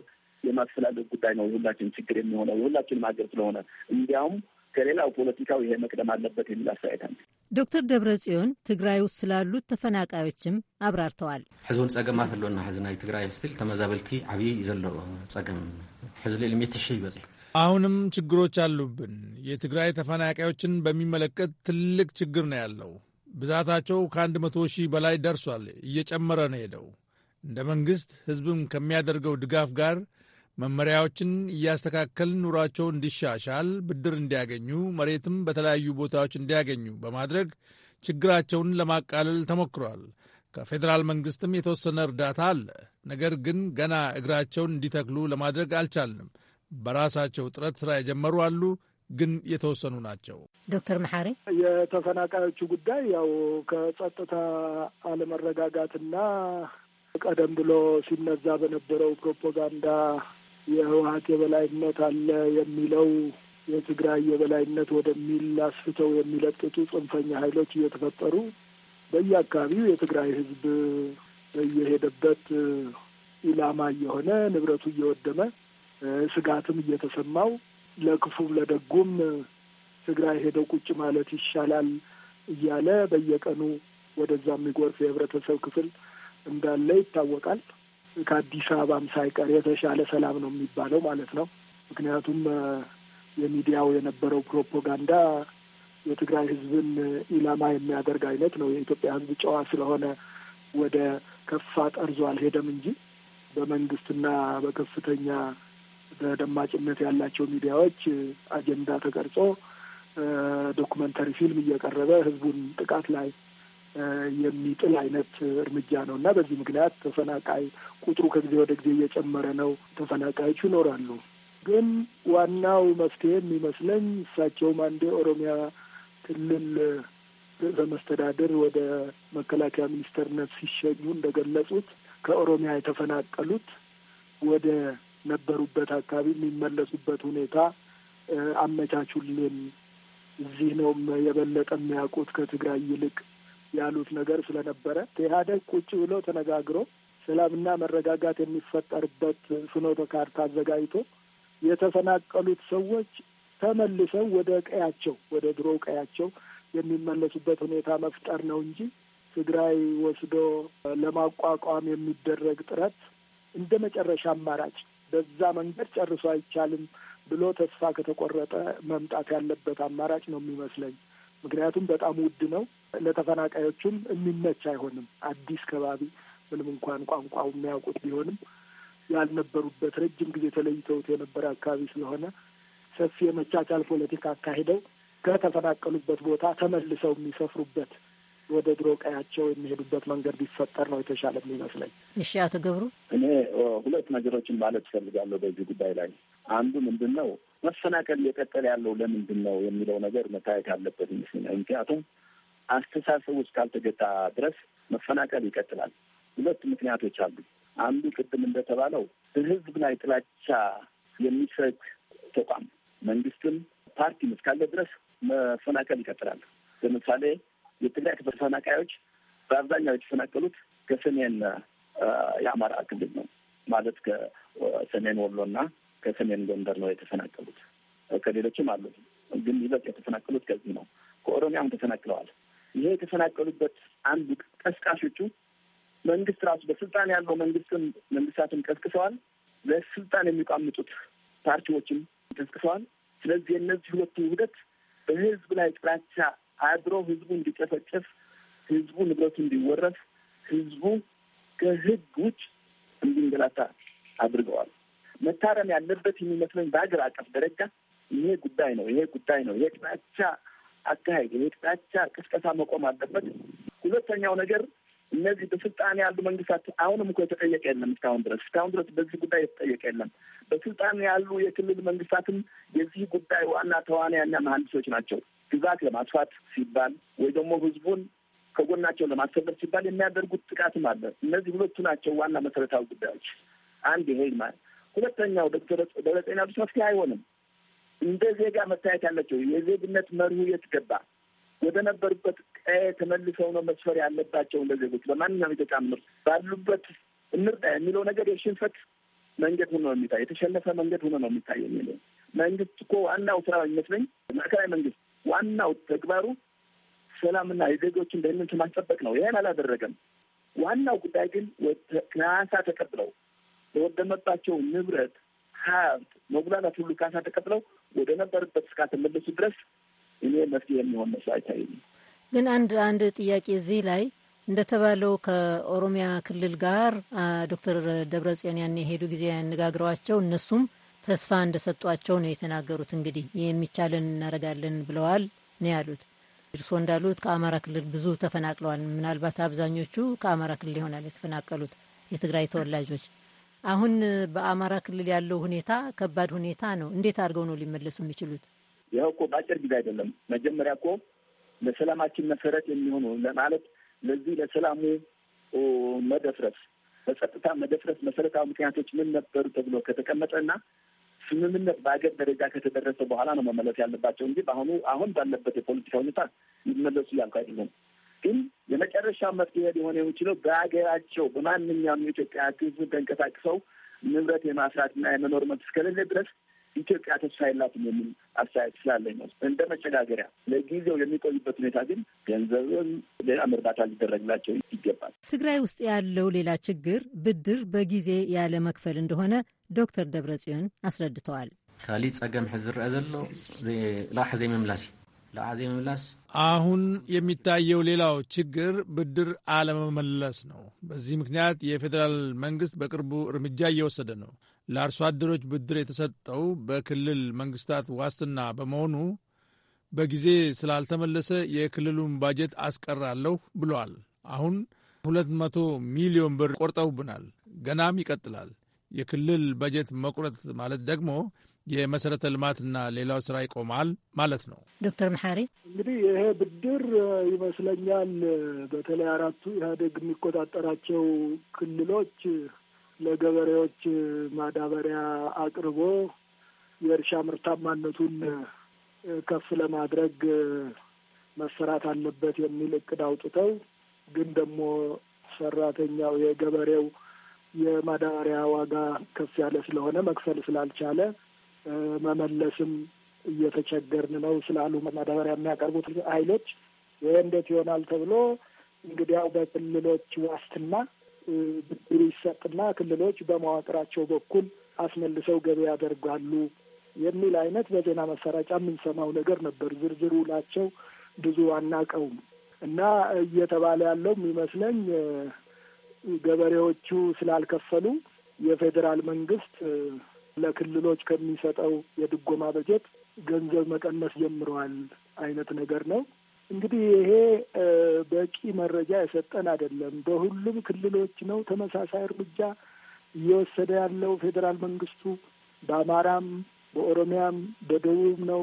የማፈላለግ ጉዳይ ነው የሁላችን ችግር የሚሆነው የሁላችንም ሀገር ስለሆነ እንዲያውም ከሌላው ፖለቲካው ይሄ መቅደም አለበት የሚል አስተያየት አለ። ዶክተር ደብረ ጽዮን ትግራይ ውስጥ ስላሉት ተፈናቃዮችም አብራርተዋል። ሕዝቡን እውን ጸገማት ኣለና ሕዚ ናይ ትግራይ ስትል ተመዛበልቲ ዓብዪ እዩ ዘለዎ ጸገም ሕዚ ልዕሊ ሜት ሽሕ ይበፅሕ አሁንም ችግሮች አሉብን። የትግራይ ተፈናቃዮችን በሚመለከት ትልቅ ችግር ነው ያለው። ብዛታቸው ከአንድ መቶ ሺህ በላይ ደርሷል። እየጨመረ ነው ሄደው እንደ መንግሥት ሕዝብም ከሚያደርገው ድጋፍ ጋር መመሪያዎችን እያስተካከልን ኑሯቸው እንዲሻሻል፣ ብድር እንዲያገኙ፣ መሬትም በተለያዩ ቦታዎች እንዲያገኙ በማድረግ ችግራቸውን ለማቃለል ተሞክሯል። ከፌዴራል መንግሥትም የተወሰነ እርዳታ አለ። ነገር ግን ገና እግራቸውን እንዲተክሉ ለማድረግ አልቻልንም። በራሳቸው ጥረት ስራ የጀመሩ አሉ፣ ግን የተወሰኑ ናቸው። ዶክተር መሐሪ የተፈናቃዮቹ ጉዳይ ያው ከጸጥታ አለመረጋጋትና ቀደም ብሎ ሲነዛ በነበረው ፕሮፓጋንዳ የህወሀት የበላይነት አለ የሚለው የትግራይ የበላይነት ወደሚል አስፍተው የሚለጥጡ ጽንፈኛ ኃይሎች እየተፈጠሩ በየአካባቢው የትግራይ ህዝብ በየሄደበት ኢላማ እየሆነ ንብረቱ እየወደመ ስጋትም እየተሰማው ለክፉም ለደጉም ትግራይ ሄደው ቁጭ ማለት ይሻላል እያለ በየቀኑ ወደዛ የሚጎርፍ የህብረተሰብ ክፍል እንዳለ ይታወቃል። ከአዲስ አበባም ሳይቀር የተሻለ ሰላም ነው የሚባለው ማለት ነው። ምክንያቱም የሚዲያው የነበረው ፕሮፓጋንዳ የትግራይ ህዝብን ኢላማ የሚያደርግ አይነት ነው። የኢትዮጵያ ህዝብ ጨዋ ስለሆነ ወደ ከፋ ጠርዞ አልሄደም እንጂ በመንግስትና በከፍተኛ ተደማጭነት ያላቸው ሚዲያዎች አጀንዳ ተቀርጾ ዶኩመንተሪ ፊልም እየቀረበ ህዝቡን ጥቃት ላይ የሚጥል አይነት እርምጃ ነው እና በዚህ ምክንያት ተፈናቃይ ቁጥሩ ከጊዜ ወደ ጊዜ እየጨመረ ነው። ተፈናቃዮቹ ይኖራሉ። ግን ዋናው መፍትሄ የሚመስለኝ እሳቸውም አንዴ ኦሮሚያ ክልል ርዕሰ መስተዳድር ወደ መከላከያ ሚኒስተርነት ሲሸኙ እንደገለጹት ከኦሮሚያ የተፈናቀሉት ወደ ነበሩበት አካባቢ የሚመለሱበት ሁኔታ አመቻቹልን። እዚህ ነው የበለጠ የሚያውቁት ከትግራይ ይልቅ ያሉት ነገር ስለነበረ ኢህአዴግ ቁጭ ብሎ ተነጋግሮ ሰላምና መረጋጋት የሚፈጠርበት ፍኖተ ካርታ አዘጋጅቶ የተፈናቀሉት ሰዎች ተመልሰው ወደ ቀያቸው ወደ ድሮ ቀያቸው የሚመለሱበት ሁኔታ መፍጠር ነው እንጂ ትግራይ ወስዶ ለማቋቋም የሚደረግ ጥረት እንደ መጨረሻ አማራጭ በዛ መንገድ ጨርሶ አይቻልም ብሎ ተስፋ ከተቆረጠ መምጣት ያለበት አማራጭ ነው የሚመስለኝ። ምክንያቱም በጣም ውድ ነው፣ ለተፈናቃዮቹም የሚመች አይሆንም። አዲስ ከባቢ ምንም እንኳን ቋንቋው የሚያውቁት ቢሆንም ያልነበሩበት ረጅም ጊዜ ተለይተውት የነበረ አካባቢ ስለሆነ ሰፊ የመቻቻል ፖለቲካ አካሂደው ከተፈናቀሉበት ቦታ ተመልሰው የሚሰፍሩበት ወደ ድሮ ቀያቸው የሚሄዱበት መንገድ ቢፈጠር ነው የተሻለ የሚመስለኝ። እሺ፣ አቶ ገብሩ፣ እኔ ሁለት ነገሮችን ማለት እፈልጋለሁ በዚህ ጉዳይ ላይ። አንዱ ምንድን ነው መፈናቀል እየቀጠለ ያለው ለምንድን ነው የሚለው ነገር መታየት ያለበት ይመስለኛል። ምክንያቱም አስተሳሰቡ እስካልተገታ ድረስ መፈናቀል ይቀጥላል። ሁለት ምክንያቶች አሉ። አንዱ ቅድም እንደተባለው በህዝብ ላይ ጥላቻ የሚሰግ ተቋም መንግስትም ፓርቲም እስካለ ድረስ መፈናቀል ይቀጥላል። ለምሳሌ የትግራይ ተፈናቃዮች በአብዛኛው የተፈናቀሉት ከሰሜን የአማራ ክልል ነው። ማለት ከሰሜን ወሎና ከሰሜን ጎንደር ነው የተፈናቀሉት። ከሌሎችም አሉ፣ ግን ይበልጥ የተፈናቀሉት ከዚህ ነው። ከኦሮሚያም ተፈናቅለዋል። ይሄ የተፈናቀሉበት አንዱ ቀስቃሾቹ መንግስት ራሱ በስልጣን ያለው መንግስትም መንግስታትም ቀስቅሰዋል። ለስልጣን የሚቋምጡት ፓርቲዎችም ቀስቅሰዋል። ስለዚህ የእነዚህ ሁለቱ ውህደት በህዝብ ላይ ጥላቻ አድሮ ህዝቡ እንዲጨፈጨፍ፣ ህዝቡ ንብረቱ እንዲወረፍ፣ ህዝቡ ከህግ ውጭ እንዲንገላታ አድርገዋል። መታረም ያለበት የሚመስለኝ በሀገር አቀፍ ደረጃ ይሄ ጉዳይ ነው። ይሄ ጉዳይ ነው። የቅጣቻ አካሄድ፣ ይሄ ቅስቀሳ መቆም አለበት። ሁለተኛው ነገር እነዚህ በስልጣን ያሉ መንግስታት አሁንም እኮ የተጠየቀ የለም እስካሁን ድረስ እስካሁን ድረስ በዚህ ጉዳይ የተጠየቀ የለም። በስልጣን ያሉ የክልል መንግስታትም የዚህ ጉዳይ ዋና ተዋናያና መሀንዲሶች ናቸው። ግዛት ለማስፋት ሲባል ወይ ደግሞ ህዝቡን ከጎናቸው ለማስከበር ሲባል የሚያደርጉት ጥቃትም አለ። እነዚህ ሁለቱ ናቸው ዋና መሰረታዊ ጉዳዮች። አንድ ይሄ ማለት ሁለተኛው ዶክተር ደብረጽዮን መፍትሄ አይሆንም። እንደ ዜጋ መታየት ያለቸው የዜግነት መርሁ የት ገባ? ወደ ነበሩበት ቀየ ተመልሰው ነው መስፈር ያለባቸው። እንደ ዜጎች በማንኛውም ኢትዮጵያ ምር ባሉበት እንርዳ የሚለው ነገር የሽንፈት መንገድ ሆኖ ነው የሚታይ የተሸነፈ መንገድ ሆኖ ነው የሚታይ የሚለው መንግስት እኮ ዋናው ስራ ይመስለኝ ማዕከላዊ መንግስት ዋናው ተግባሩ ሰላምና የዜጎችን ደህንነት ማስጠበቅ ነው። ይህን አላደረገም። ዋናው ጉዳይ ግን ካሳ ተቀብለው የወደመባቸው ንብረት፣ ሀብት፣ መጉላላት ሁሉ ካሳ ተቀብለው ወደ ነበርበት እስካተመለሱ ድረስ እኔ መፍትሄ የሚሆን መስሎ አይታይም። ግን አንድ አንድ ጥያቄ እዚህ ላይ እንደተባለው ከኦሮሚያ ክልል ጋር ዶክተር ደብረጽዮን ያን የሄዱ ጊዜ ያነጋግረዋቸው እነሱም ተስፋ እንደሰጧቸው ነው የተናገሩት። እንግዲህ የሚቻለን እናደርጋለን ብለዋል ነው ያሉት። እርስዎ እንዳሉት ከአማራ ክልል ብዙ ተፈናቅለዋል። ምናልባት አብዛኞቹ ከአማራ ክልል ይሆናል የተፈናቀሉት የትግራይ ተወላጆች። አሁን በአማራ ክልል ያለው ሁኔታ ከባድ ሁኔታ ነው። እንዴት አድርገው ነው ሊመለሱ የሚችሉት? ይኸው እኮ በአጭር ጊዜ አይደለም። መጀመሪያ እኮ ለሰላማችን መሰረት የሚሆኑ ለማለት ለዚህ ለሰላሙ መደፍረስ በጸጥታ መደፍረስ መሰረታዊ ምክንያቶች ምን ነበሩ ተብሎ ከተቀመጠና ስምምነት በሀገር ደረጃ ከተደረሰ በኋላ ነው መመለስ ያለባቸው እንጂ በአሁኑ አሁን ባለበት የፖለቲካ ሁኔታ ይመለሱ እያልኩ አይደለም። ግን የመጨረሻ መፍትሄ ሊሆን የሚችለው በሀገራቸው በማንኛውም የኢትዮጵያ ሕዝብ ተንቀሳቅሰው ንብረት የማፍራትና የመኖር መብት እስከሌለ ድረስ ኢትዮጵያ ተስፋ የላትም የሚል አስተያየት ስላለ ነው። እንደ መሸጋገሪያ ለጊዜው የሚቆዩበት ሁኔታ ግን ገንዘብም ሌላም እርዳታ ሊደረግላቸው ይገባል። ትግራይ ውስጥ ያለው ሌላ ችግር ብድር በጊዜ ያለ መክፈል እንደሆነ ዶክተር ደብረጽዮን አስረድተዋል። ካሊእ ጸገም ሕዚ ዝረአ ዘሎ ልቃሕ ዘይምምላስ እዩ። ዘይምምላስ አሁን የሚታየው ሌላው ችግር ብድር አለመመለስ ነው። በዚህ ምክንያት የፌዴራል መንግስት በቅርቡ እርምጃ እየወሰደ ነው። ለአርሶ አደሮች ብድር የተሰጠው በክልል መንግስታት ዋስትና በመሆኑ በጊዜ ስላልተመለሰ የክልሉን ባጀት አስቀራለሁ ብሏል አሁን 200 ሚሊዮን ብር ቆርጠውብናል። ገናም ይቀጥላል። የክልል በጀት መቁረጥ ማለት ደግሞ የመሰረተ ልማትና ሌላው ስራ ይቆማል ማለት ነው። ዶክተር መሐሪ እንግዲህ ይሄ ብድር ይመስለኛል በተለይ አራቱ ኢህአዴግ የሚቆጣጠራቸው ክልሎች ለገበሬዎች ማዳበሪያ አቅርቦ የእርሻ ምርታማነቱን ከፍ ለማድረግ መሰራት አለበት የሚል እቅድ አውጥተው ግን ደግሞ ሰራተኛው የገበሬው የማዳበሪያ ዋጋ ከፍ ያለ ስለሆነ መክፈል ስላልቻለ መመለስም እየተቸገርን ነው ስላሉ ማዳበሪያ የሚያቀርቡት ኃይሎች ይህ እንዴት ይሆናል ተብሎ እንግዲያው በክልሎች ዋስትና ብድር ይሰጥና ክልሎች በመዋቅራቸው በኩል አስመልሰው ገበያ ያደርጋሉ የሚል አይነት በዜና መሰራጫ የምንሰማው ነገር ነበር። ዝርዝሩ ላቸው ብዙ አናቀውም እና እየተባለ ያለው የሚመስለኝ ገበሬዎቹ ስላልከፈሉ የፌዴራል መንግስት ለክልሎች ከሚሰጠው የድጎማ በጀት ገንዘብ መቀነስ ጀምረዋል አይነት ነገር ነው። እንግዲህ ይሄ በቂ መረጃ የሰጠን አይደለም። በሁሉም ክልሎች ነው ተመሳሳይ እርምጃ እየወሰደ ያለው ፌዴራል መንግስቱ። በአማራም፣ በኦሮሚያም፣ በደቡብ ነው።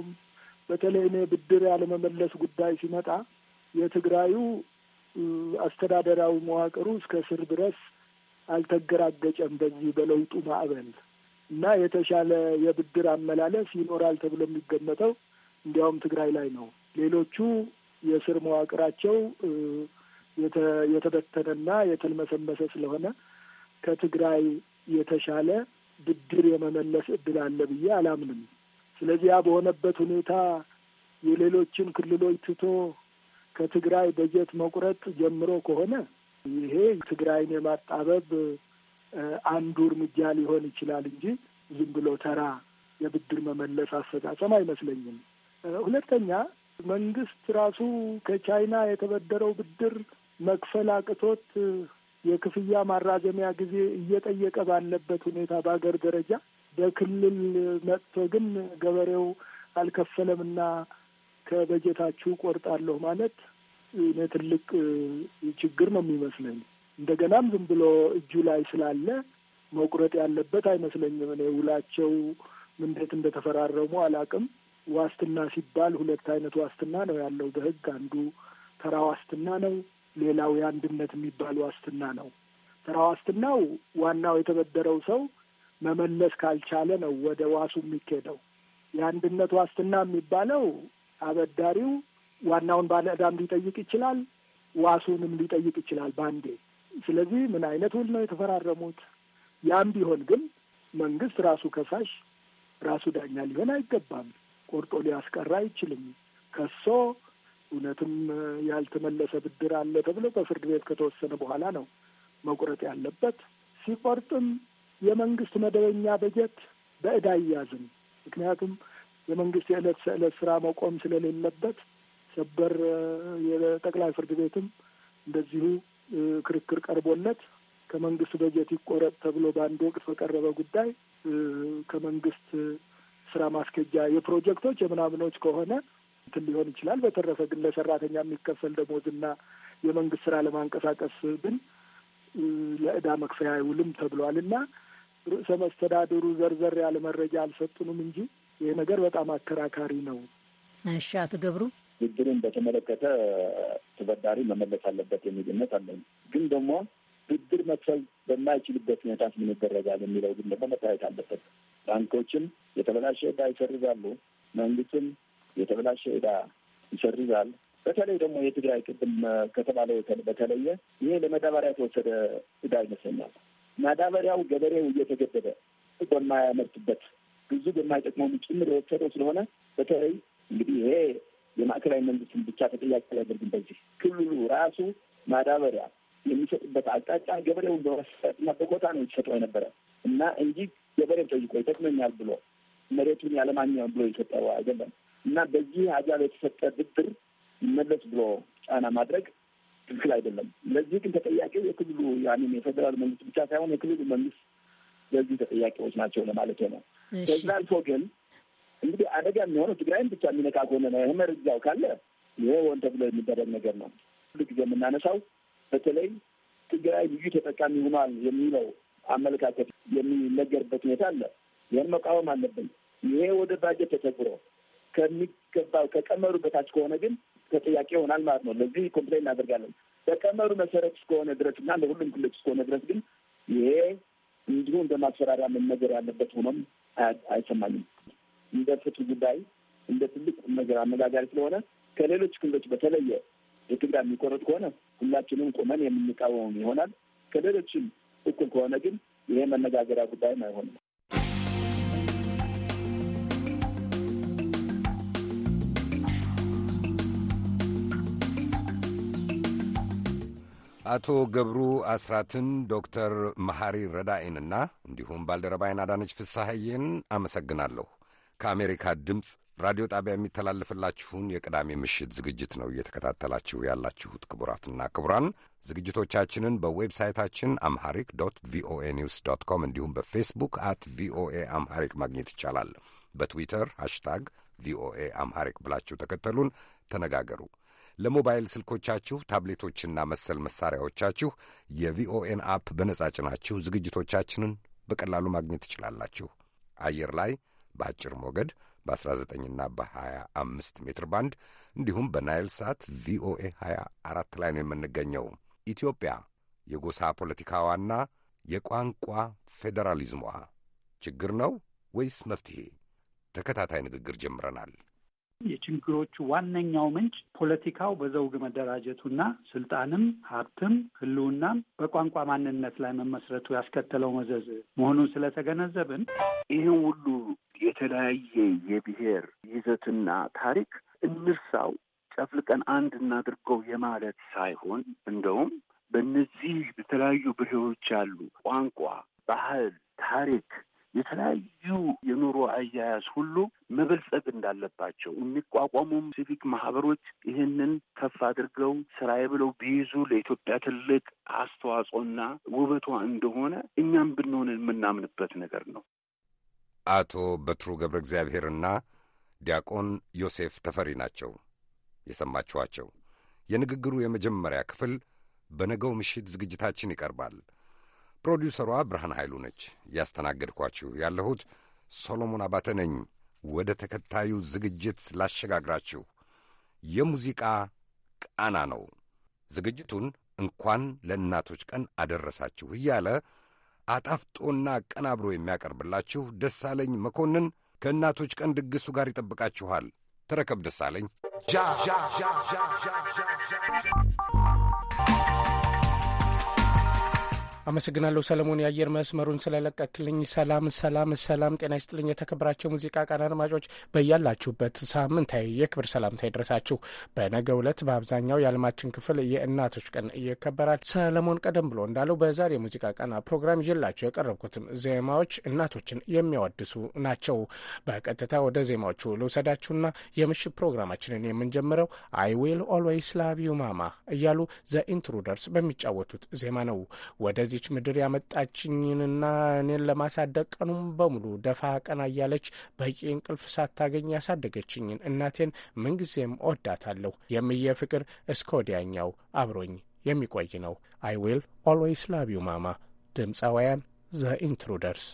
በተለይ እኔ ብድር ያለመመለስ ጉዳይ ሲመጣ የትግራዩ አስተዳደራዊ መዋቅሩ እስከ ስር ድረስ አልተገራገጨም በዚህ በለውጡ ማዕበል እና የተሻለ የብድር አመላለስ ይኖራል ተብሎ የሚገመተው እንዲያውም ትግራይ ላይ ነው። ሌሎቹ የስር መዋቅራቸው የተበተነና የተልመሰመሰ ስለሆነ ከትግራይ የተሻለ ብድር የመመለስ እድል አለ ብዬ አላምንም። ስለዚህ ያ በሆነበት ሁኔታ የሌሎችን ክልሎች ትቶ ከትግራይ በጀት መቁረጥ ጀምሮ ከሆነ ይሄ ትግራይን የማጣበብ አንዱ እርምጃ ሊሆን ይችላል እንጂ ዝም ብሎ ተራ የብድር መመለስ አፈጻጸም አይመስለኝም። ሁለተኛ መንግስት ራሱ ከቻይና የተበደረው ብድር መክፈል አቅቶት የክፍያ ማራዘሚያ ጊዜ እየጠየቀ ባለበት ሁኔታ በሀገር ደረጃ በክልል መጥቶ ግን ገበሬው አልከፈለምና ከበጀታችሁ ቆርጣለሁ ማለት እኔ ትልቅ ችግር ነው የሚመስለኝ። እንደገናም ዝም ብሎ እጁ ላይ ስላለ መቁረጥ ያለበት አይመስለኝም። እኔ ውላቸው እንዴት እንደተፈራረሙ አላቅም። ዋስትና ሲባል ሁለት አይነት ዋስትና ነው ያለው በህግ አንዱ ተራ ዋስትና ነው፣ ሌላው የአንድነት የሚባል ዋስትና ነው። ተራ ዋስትናው ዋናው የተበደረው ሰው መመለስ ካልቻለ ነው ወደ ዋሱ የሚኬደው። የአንድነት ዋስትና የሚባለው አበዳሪው ዋናውን ባለ ዕዳም ሊጠይቅ ይችላል፣ ዋሱንም ሊጠይቅ ይችላል ባንዴ። ስለዚህ ምን አይነት ውል ነው የተፈራረሙት? ያም ቢሆን ግን መንግስት ራሱ ከሳሽ ራሱ ዳኛ ሊሆን አይገባም። ቆርጦ ሊያስቀራ አይችልም። ከሶ እውነትም ያልተመለሰ ብድር አለ ተብሎ በፍርድ ቤት ከተወሰነ በኋላ ነው መቁረጥ ያለበት። ሲቆርጥም የመንግስት መደበኛ በጀት በእዳ ይያዝም። ምክንያቱም የመንግስት የዕለት ተዕለት ስራ መቆም ስለሌለበት ሰበር የጠቅላይ ፍርድ ቤትም እንደዚሁ ክርክር ቀርቦለት ከመንግስት በጀት ይቆረጥ ተብሎ በአንድ ወቅት በቀረበ ጉዳይ ከመንግስት ስራ ማስኬጃ የፕሮጀክቶች የምናምኖች ከሆነ እንትን ሊሆን ይችላል። በተረፈ ግን ለሰራተኛ የሚከፈል ደሞዝና የመንግስት ስራ ለማንቀሳቀስ ግን ለእዳ መክፈያ አይውልም ተብሏል እና ርዕሰ መስተዳድሩ ዘርዘር ያለ መረጃ አልሰጡንም እንጂ ይህ ነገር በጣም አከራካሪ ነው። እሺ፣ አቶ ገብሩ ብድሩን በተመለከተ ተበዳሪ መመለስ አለበት የሚል እምነት አለኝ። ግን ደግሞ ብድር መክፈል በማይችልበት ሁኔታ ምን ይደረጋል የሚለው ግን ደግሞ መታየት አለበት። ባንኮችም የተበላሸ ዕዳ ይሰርዛሉ፣ መንግስትም የተበላሸ ዕዳ ይሰርዛል። በተለይ ደግሞ የትግራይ ቅድም ከተባለው በተለየ ይሄ ለመዳበሪያ የተወሰደ ዕዳ ይመስለኛል። ማዳበሪያው ገበሬው እየተገደደ በማያመርትበት እጅግ የማይጠቅመውን ጭምር የወሰደው ስለሆነ በተለይ እንግዲህ ይሄ የማዕከላዊ መንግስትን ብቻ ተጠያቂ አያደርግም። በዚህ ክልሉ ራሱ ማዳበሪያ የሚሰጥበት አቅጣጫ ገበሬውን በመሰጥና በቦታ ነው የተሰጠው የነበረ እና እንጂ ገበሬው ጠይቆ ይጠቅመኛል ብሎ መሬቱን ያለማኛውን ብሎ የሰጠው አይደለም እና በዚህ አጃብ የተሰጠ ብድር ይመለስ ብሎ ጫና ማድረግ ትክክል አይደለም። ለዚህ ግን ተጠያቂው የክልሉ ያንን የፌዴራል መንግስት ብቻ ሳይሆን የክልሉ መንግስት ለዚህ ተጠያቂዎች ናቸው ለማለት ነው። ከዛ አልፎ ግን እንግዲህ አደጋ የሚሆነው ትግራይን ብቻ የሚነካ ከሆነ ነው። ይህ መረጃው ካለ ይሄ ሆን ተብሎ የሚደረግ ነገር ነው። ሁሉ ጊዜ የምናነሳው በተለይ ትግራይ ልዩ ተጠቃሚ ሆኗል የሚለው አመለካከት የሚነገርበት ሁኔታ አለ። ይህን መቃወም አለብን። ይሄ ወደ ባጀት ተቸግሮ ከሚገባው ከቀመሩ በታች ከሆነ ግን ተጠያቂ ይሆናል ማለት ነው። ለዚህ ኮምፕሌን እናደርጋለን። በቀመሩ መሰረት እስከሆነ ድረስ እና ለሁሉም ክልል እስከሆነ ድረስ ግን ይሄ እንዲሁ እንደ ማስፈራሪያ መነገር ያለበት ሆኖም አይሰማኝም። እንደ ፍቱ ጉዳይ እንደ ትልቅ ነገር አነጋጋሪ ስለሆነ ከሌሎች ክልሎች በተለየ የትግራይ የሚቆረጥ ከሆነ ሁላችንም ቁመን የምንቃወም ይሆናል። ከሌሎችም እኩል ከሆነ ግን ይሄ መነጋገሪያ ጉዳይም አይሆንም። አቶ ገብሩ አስራትን ዶክተር መሐሪ ረዳኤንና እንዲሁም ባልደረባይን አዳነች ፍሳሐዬን አመሰግናለሁ። ከአሜሪካ ድምፅ ራዲዮ ጣቢያ የሚተላለፍላችሁን የቅዳሜ ምሽት ዝግጅት ነው እየተከታተላችሁ ያላችሁት። ክቡራትና ክቡራን ዝግጅቶቻችንን በዌብሳይታችን አምሐሪክ ዶት ቪኦኤ ኒውስ ዶት ኮም እንዲሁም በፌስቡክ አት ቪኦኤ አምሐሪክ ማግኘት ይቻላል። በትዊተር ሃሽታግ ቪኦኤ አምሐሪክ ብላችሁ ተከተሉን፣ ተነጋገሩ። ለሞባይል ስልኮቻችሁ ታብሌቶችና መሰል መሳሪያዎቻችሁ የቪኦኤን አፕ በነጻ ጭናችሁ ዝግጅቶቻችንን በቀላሉ ማግኘት ትችላላችሁ። አየር ላይ በአጭር ሞገድ በ19ና በ25 ሜትር ባንድ እንዲሁም በናይል ሳት ቪኦኤ 24 ላይ ነው የምንገኘው። ኢትዮጵያ የጎሳ ፖለቲካዋና የቋንቋ ፌዴራሊዝሟ ችግር ነው ወይስ መፍትሄ? ተከታታይ ንግግር ጀምረናል። የችግሮቹ ዋነኛው ምንጭ ፖለቲካው በዘውግ መደራጀቱና ስልጣንም ሀብትም ህልውናም በቋንቋ ማንነት ላይ መመስረቱ ያስከተለው መዘዝ መሆኑን ስለተገነዘብን ይህን ሁሉ የተለያየ የብሔር ይዘትና ታሪክ እንርሳው፣ ጨፍልቀን አንድ እናድርገው የማለት ሳይሆን እንደውም በእነዚህ በተለያዩ ብሔሮች ያሉ ቋንቋ፣ ባህል፣ ታሪክ የተለያዩ የኑሮ አያያዝ ሁሉ መበልጸግ እንዳለባቸው የሚቋቋሙም ሲቪክ ማህበሮች ይህንን ከፍ አድርገው ስራዬ ብለው ቢይዙ ለኢትዮጵያ ትልቅ አስተዋጽኦና ውበቷ እንደሆነ እኛም ብንሆን የምናምንበት ነገር ነው። አቶ በትሩ ገብረ እግዚአብሔርና ዲያቆን ዮሴፍ ተፈሪ ናቸው የሰማችኋቸው። የንግግሩ የመጀመሪያ ክፍል በነገው ምሽት ዝግጅታችን ይቀርባል። ፕሮዲውሰሯ ብርሃን ኃይሉ ነች። እያስተናገድኳችሁ ያለሁት ሰሎሞን አባተ ነኝ። ወደ ተከታዩ ዝግጅት ላሸጋግራችሁ። የሙዚቃ ቃና ነው። ዝግጅቱን እንኳን ለእናቶች ቀን አደረሳችሁ እያለ አጣፍጦና ቀናብሮ የሚያቀርብላችሁ ደሳለኝ መኮንን ከእናቶች ቀን ድግሱ ጋር ይጠብቃችኋል። ተረከብ ደሳለኝ። አመሰግናለሁ ሰለሞን የአየር መስመሩን ስለለቀክልኝ። ሰላም ሰላም ሰላም፣ ጤና ይስጥልኝ። የተከበራቸው ሙዚቃ ቃና አድማጮች በያላችሁበት ሳምንታዊ የክብር ሰላምታ ይድረሳችሁ። በነገው ዕለት በአብዛኛው የዓለማችን ክፍል የእናቶች ቀን ይከበራል። ሰለሞን ቀደም ብሎ እንዳለው በዛሬ የሙዚቃ ቃና ፕሮግራም ይዤላቸው የቀረብኩትም ዜማዎች እናቶችን የሚያወድሱ ናቸው። በቀጥታ ወደ ዜማዎቹ ልውሰዳችሁና የምሽት ፕሮግራማችንን የምንጀምረው አይ ዊል ኦልዌይስ ላቭ ዩ ማማ እያሉ ዘ ኢንትሩደርስ በሚጫወቱት ዜማ ነው ወደዚህ ወደዚች ምድር ያመጣችኝንና እኔን ለማሳደግ ቀኑም በሙሉ ደፋ ቀና እያለች በቂ እንቅልፍ ሳታገኝ ያሳደገችኝን እናቴን ምንጊዜም ወዳታለሁ። የምየ ፍቅር እስከ ወዲያኛው አብሮኝ የሚቆይ ነው። አይ ዊል ኦልዌይስ ላቭ ዩ ማማ። ድምፃውያን ዘ ኢንትሩደርስ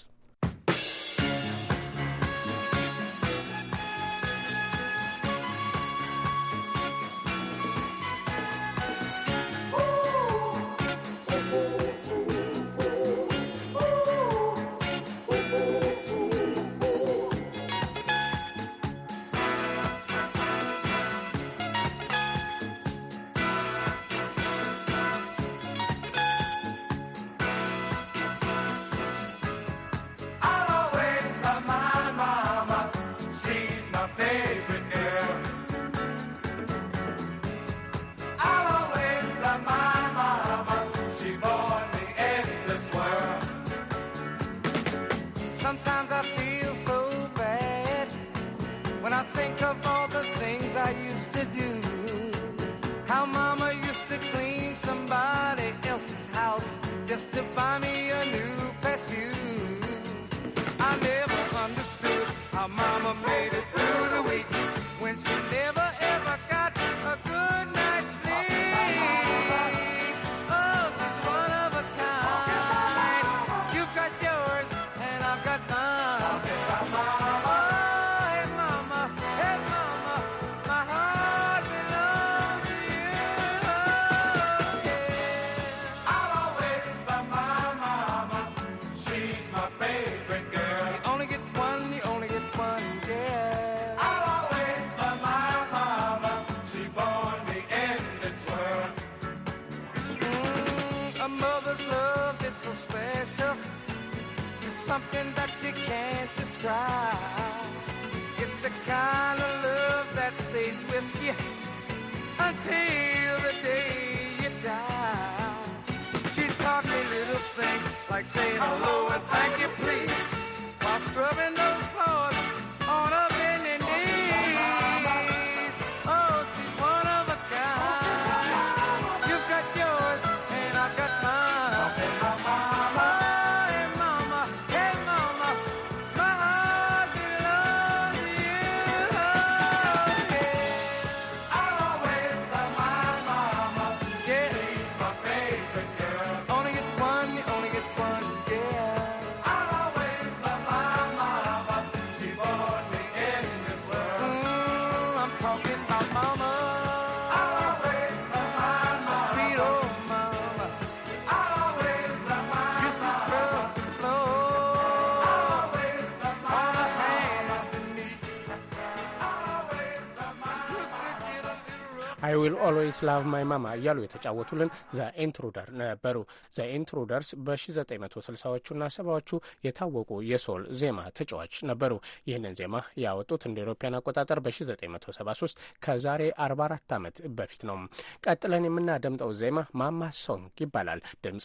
አይ ዊል ኦልዌይስ ላቭ ማይ ማማ እያሉ የተጫወቱልን ዘኢንትሩደር ነበሩ። ዘኢንትሩደርስ በ1960ዎቹና ሰባዎቹ የታወቁ የሶል ዜማ ተጫዋች ነበሩ። ይህንን ዜማ ያወጡት እንደ ኤሮፓያን አቆጣጠር በ1973 ከዛሬ 44 ዓመት በፊት ነው። ቀጥለን የምናደምጠው ዜማ ማማ ሶንግ ይባላል።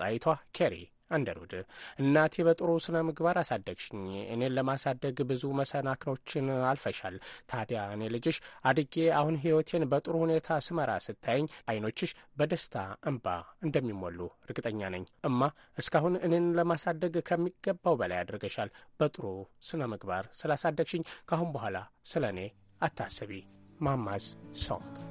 አይቷ ኬሪ አንደርውድ እናቴ በጥሩ ስነ ምግባር አሳደግሽኝ። እኔን ለማሳደግ ብዙ መሰናክሎችን አልፈሻል። ታዲያ እኔ ልጅሽ አድጌ አሁን ህይወቴን በጥሩ ሁኔታ ስመራ ስታየኝ አይኖችሽ በደስታ እንባ እንደሚሞሉ እርግጠኛ ነኝ። እማ እስካሁን እኔን ለማሳደግ ከሚገባው በላይ አድርገሻል። በጥሩ ስነ ምግባር ስላሳደግሽኝ ከአሁን በኋላ ስለ እኔ አታስቢ። ማማዝ ሶንግ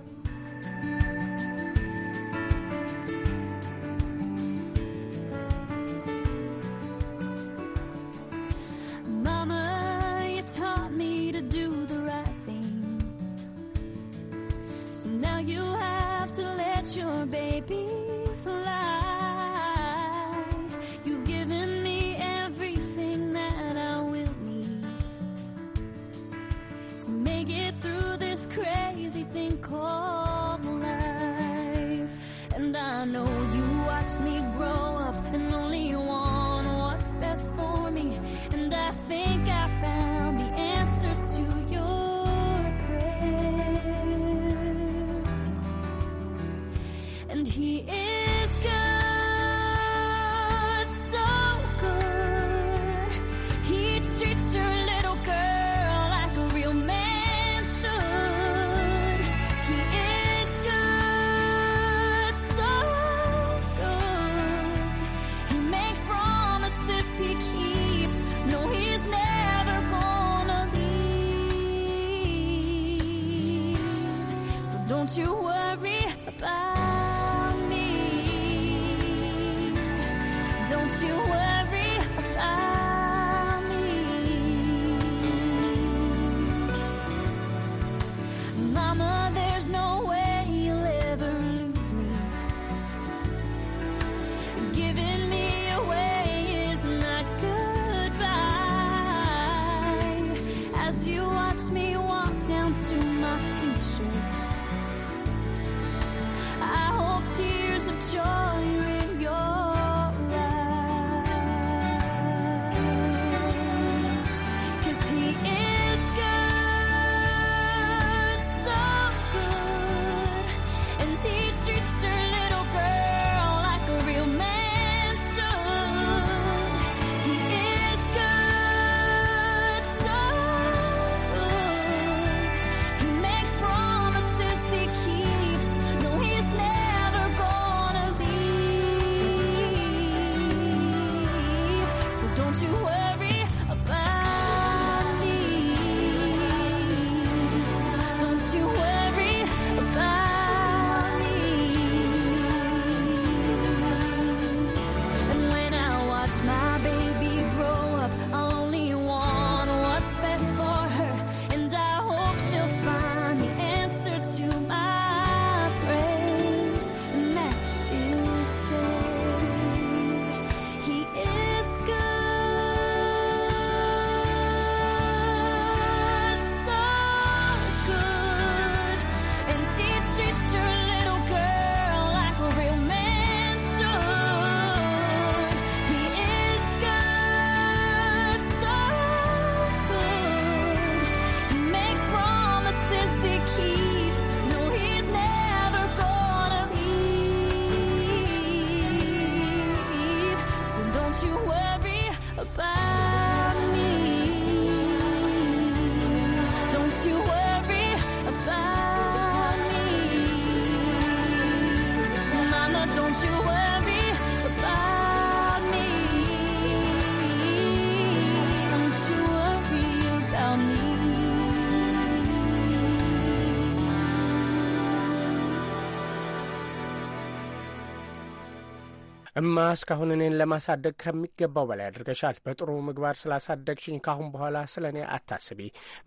እማ እስካሁን እኔን ለማሳደግ ከሚገባው በላይ አድርገሻል። በጥሩ ምግባር ስላሳደግሽኝ ካሁን በኋላ ስለ እኔ አታስቢ።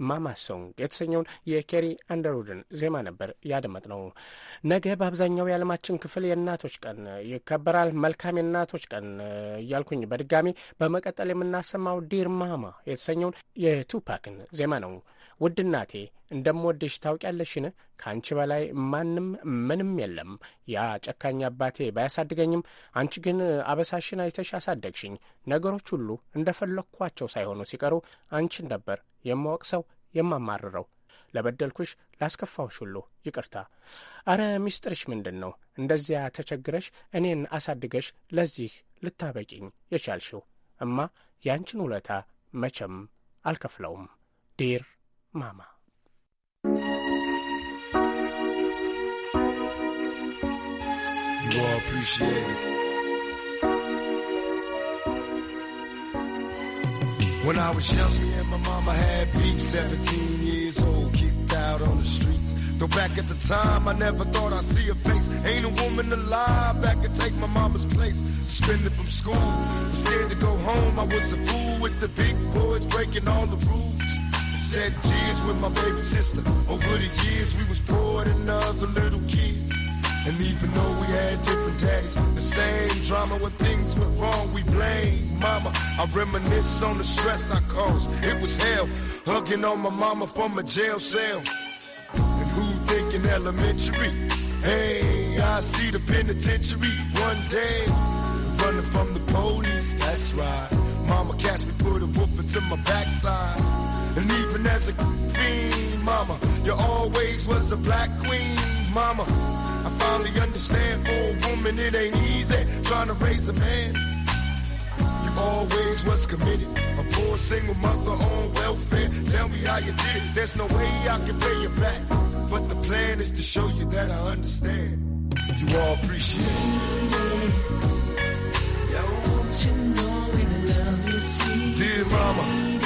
ማማ የተሰኘውን የኬሪ አንደርውድን ዜማ ነበር ያደመጥነው። ነገ በአብዛኛው የዓለማችን ክፍል የእናቶች ቀን ይከበራል። መልካም የእናቶች ቀን እያልኩኝ በድጋሚ በመቀጠል የምናሰማው ዲር ማማ የተሰኘውን የቱፓክን ዜማ ነው። ውድ እናቴ እንደምወድሽ ታውቂያለሽን? ከአንቺ በላይ ማንም ምንም የለም። ያ ጨካኝ አባቴ ባያሳድገኝም፣ አንቺ ግን አበሳሽን አይተሽ አሳደግሽኝ። ነገሮች ሁሉ እንደ ፈለግኳቸው ሳይሆኑ ሲቀሩ አንቺን ነበር የማወቅሰው፣ የማማርረው። ለበደልኩሽ፣ ላስከፋውሽ ሁሉ ይቅርታ። አረ ሚስጥርሽ ምንድን ነው? እንደዚያ ተቸግረሽ እኔን አሳድገሽ ለዚህ ልታበቂኝ የቻልሽው? እማ ያንቺን ውለታ መቼም አልከፍለውም ዴር mama. You all appreciate it. When I was young, me and my mama had beef, 17 years old, kicked out on the streets. Though back at the time, I never thought I'd see a face. Ain't a woman alive that could take my mama's place. Suspended from school, I'm scared to go home. I was a fool with the big boys breaking all the rules. Shed tears with my baby sister. Over the years, we was poor than other little kids. And even though we had different daddies, the same drama when things went wrong, we blame mama. I reminisce on the stress I caused. It was hell, hugging on my mama from a jail cell. And who thinking elementary? Hey, I see the penitentiary one day, running from the police. That's right. Mama catch me, put a whoop into my backside. And even as a fiend, mama, you always was a black queen, mama. I finally understand for a woman it ain't easy trying to raise a man. You always was committed, a poor single mother on welfare. Tell me how you did it. There's no way I can pay you back, but the plan is to show you that I understand. You all appreciate it. Don't you Dear mama.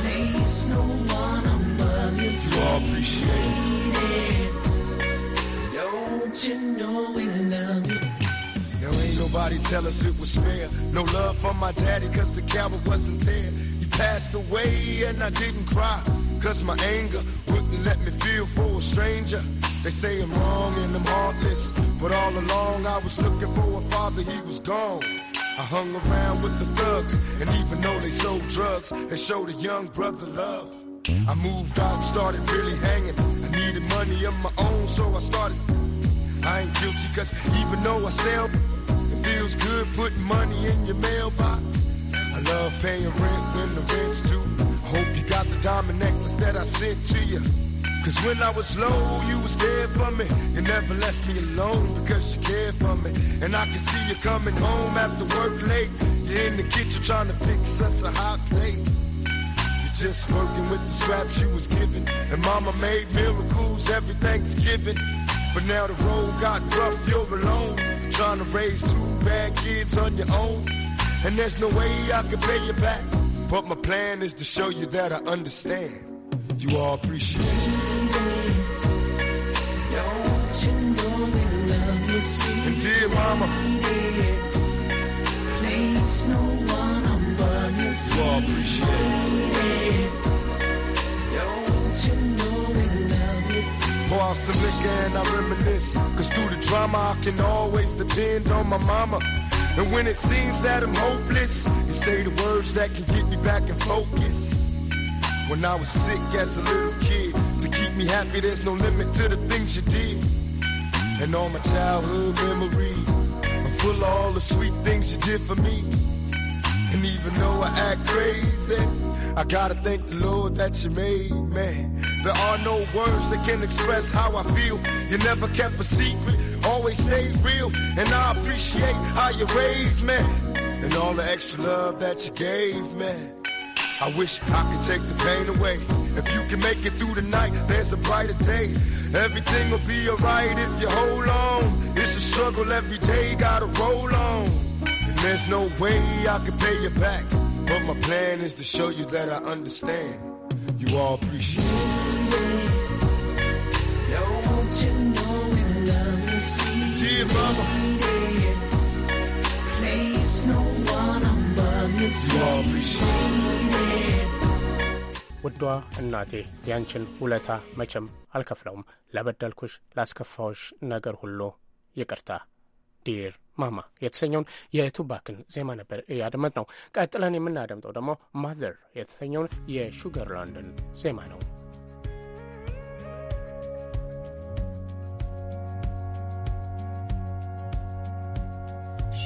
Place no one above you. You all appreciate it. Don't you know we love you? There ain't nobody tell us it was fair. No love for my daddy, cause the coward wasn't there. He passed away and I didn't cry. Cause my anger wouldn't let me feel for a stranger. They say I'm wrong and I'm heartless. But all along I was looking for a father, he was gone. I hung around with the thugs, and even though they sold drugs, they showed a young brother love. I moved out, started really hanging. I needed money of my own, so I started. I ain't guilty, cause even though I sell, it feels good putting money in your mailbox. I love paying rent when the rent's due. I hope you got the diamond necklace that I sent to you. Cause when I was low, you was there for me. You never left me alone because you cared for me. And I can see you coming home after work late. You're in the kitchen trying to fix us a hot plate. You're just working with the scraps you was given. And mama made miracles every Thanksgiving. But now the road got rough, you're alone. Trying to raise two bad kids on your own. And there's no way I can pay you back. But my plan is to show you that I understand. You all appreciate it. And dear mama, place no one above you. You all appreciate Don't you know we love you? Pour out some liquor and I reminisce. Cause through the drama, I can always depend on my mama. And when it seems that I'm hopeless, you say the words that can get me back in focus. When I was sick as a little kid, to keep me happy, there's no limit to the things you did. And all my childhood memories are full of all the sweet things you did for me. And even though I act crazy, I gotta thank the Lord that you made me. There are no words that can express how I feel. You never kept a secret, always stayed real. And I appreciate how you raised me. And all the extra love that you gave me. I wish I could take the pain away. If you can make it through the night, there's a brighter day. Everything will be alright if you hold on. It's a struggle every day, gotta roll on. And there's no way I can pay you back. But my plan is to show you that I understand. You all appreciate it. Dear mama. Place no ውዷ እናቴ ያንችን ውለታ መቼም አልከፍለውም። ለበደልኩሽ፣ ላስከፋዎች ነገር ሁሉ ይቅርታ ዲር ማማ የተሰኘውን የቱባክን ዜማ ነበር እያደመጥ ነው። ቀጥለን የምናደምጠው ደግሞ ማዘር የተሰኘውን የሹገርላንድን ዜማ ነው።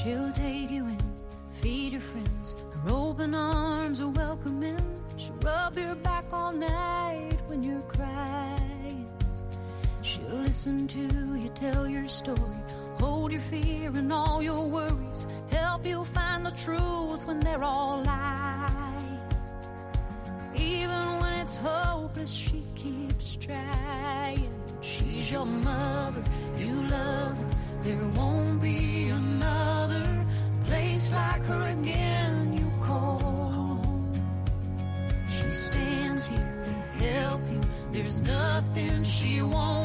She'll take you in Feed your friends. Her open arms are welcoming. She'll rub your back all night when you're crying. She'll listen to you tell your story, hold your fear and all your worries, help you find the truth when they're all lies. Even when it's hopeless, she keeps trying. She's your mother, you love her. There won't be another like her again you call home. She stands here to help you. There's nothing she won't.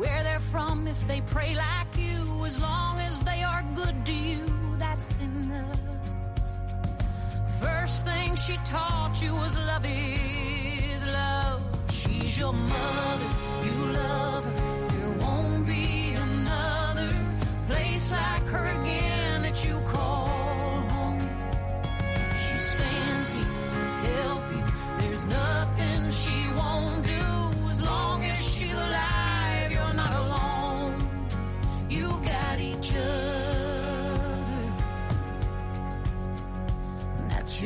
where they're from if they pray like you. As long as they are good to you, that's enough. First thing she taught you was love is love. She's your mother, you love her. There won't be another place like her again.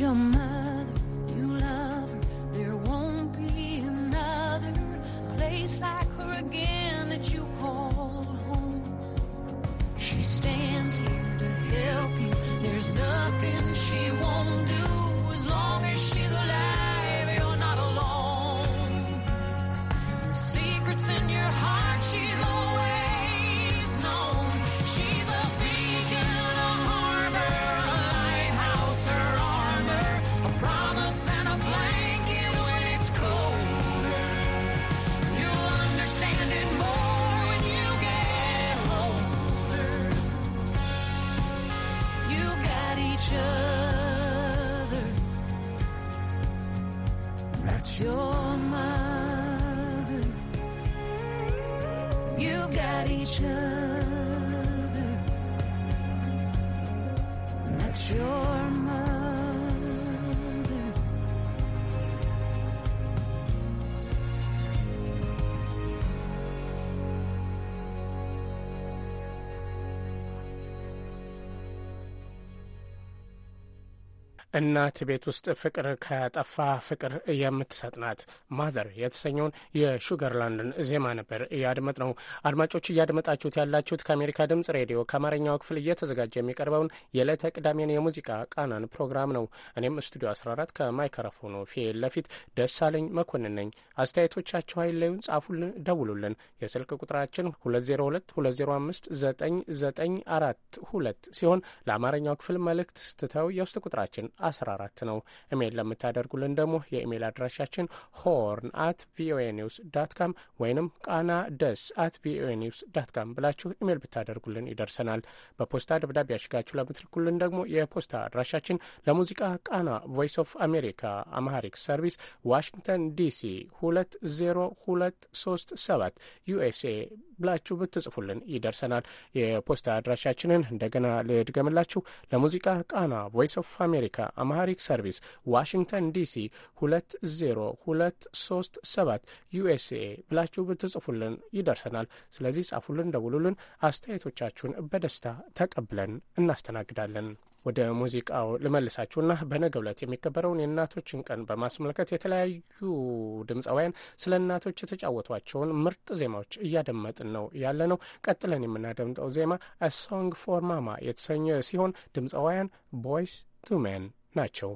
your mind. እናት ቤት ውስጥ ፍቅር ከጠፋ ፍቅር የምትሰጥ ናት ማዘር የተሰኘውን የሹገርላንድን ዜማ ነበር እያድመጥ ነው። አድማጮች እያድመጣችሁት ያላችሁት ከአሜሪካ ድምጽ ሬዲዮ ከአማርኛው ክፍል እየተዘጋጀ የሚቀርበውን የዕለተ ቅዳሜን የሙዚቃ ቃናን ፕሮግራም ነው። እኔም ስቱዲዮ 14 ከማይክሮፎኑ ፊት ለፊት ደሳለኝ መኮንን ነኝ። አስተያየቶቻችሁ አይለዩን፣ ጻፉልን፣ ደውሉልን። የስልክ ቁጥራችን 202 205 ሲሆን ለአማርኛው ክፍል መልእክት ስትተው የውስጥ ቁጥራችን 14 ነው። ኢሜይል ለምታደርጉልን ደግሞ የኢሜይል አድራሻችን ሆርን አት ቪኦኤ ኒውስ ዳት ካም ወይንም ቃና ደስ አት ቪኦኤ ኒውስ ዳት ካም ብላችሁ ኢሜይል ብታደርጉልን ይደርሰናል። በፖስታ ደብዳቤ ያሽጋችሁ ለምትልኩልን ደግሞ የፖስታ አድራሻችን ለሙዚቃ ቃና ቮይስ ኦፍ አሜሪካ አማሃሪክ ሰርቪስ ዋሽንግተን ዲሲ ሰባት ዩኤስኤ ብላችሁ ብትጽፉልን ይደርሰናል። የፖስታ አድራሻችንን እንደገና ልድገምላችሁ። ለሙዚቃ ቃና ቮይስ ኦፍ አሜሪካ አማሃሪክ ሰርቪስ ዋሽንግተን ዲሲ 20237 ዩኤስኤ ብላችሁ ብትጽፉልን ይደርሰናል። ስለዚህ ጻፉልን፣ ደውሉልን። አስተያየቶቻችሁን በደስታ ተቀብለን እናስተናግዳለን። ወደ ሙዚቃው ልመልሳችሁና በነገ ዕለት የሚከበረውን የእናቶችን ቀን በማስመልከት የተለያዩ ድምፃውያን ስለ እናቶች የተጫወቷቸውን ምርጥ ዜማዎች እያደመጥን ነው ያለ ነው። ቀጥለን የምናደምጠው ዜማ ሶንግ ፎር ማማ የተሰኘ ሲሆን ድምፃውያን ቦይስ ቱ ሜን ናቸው።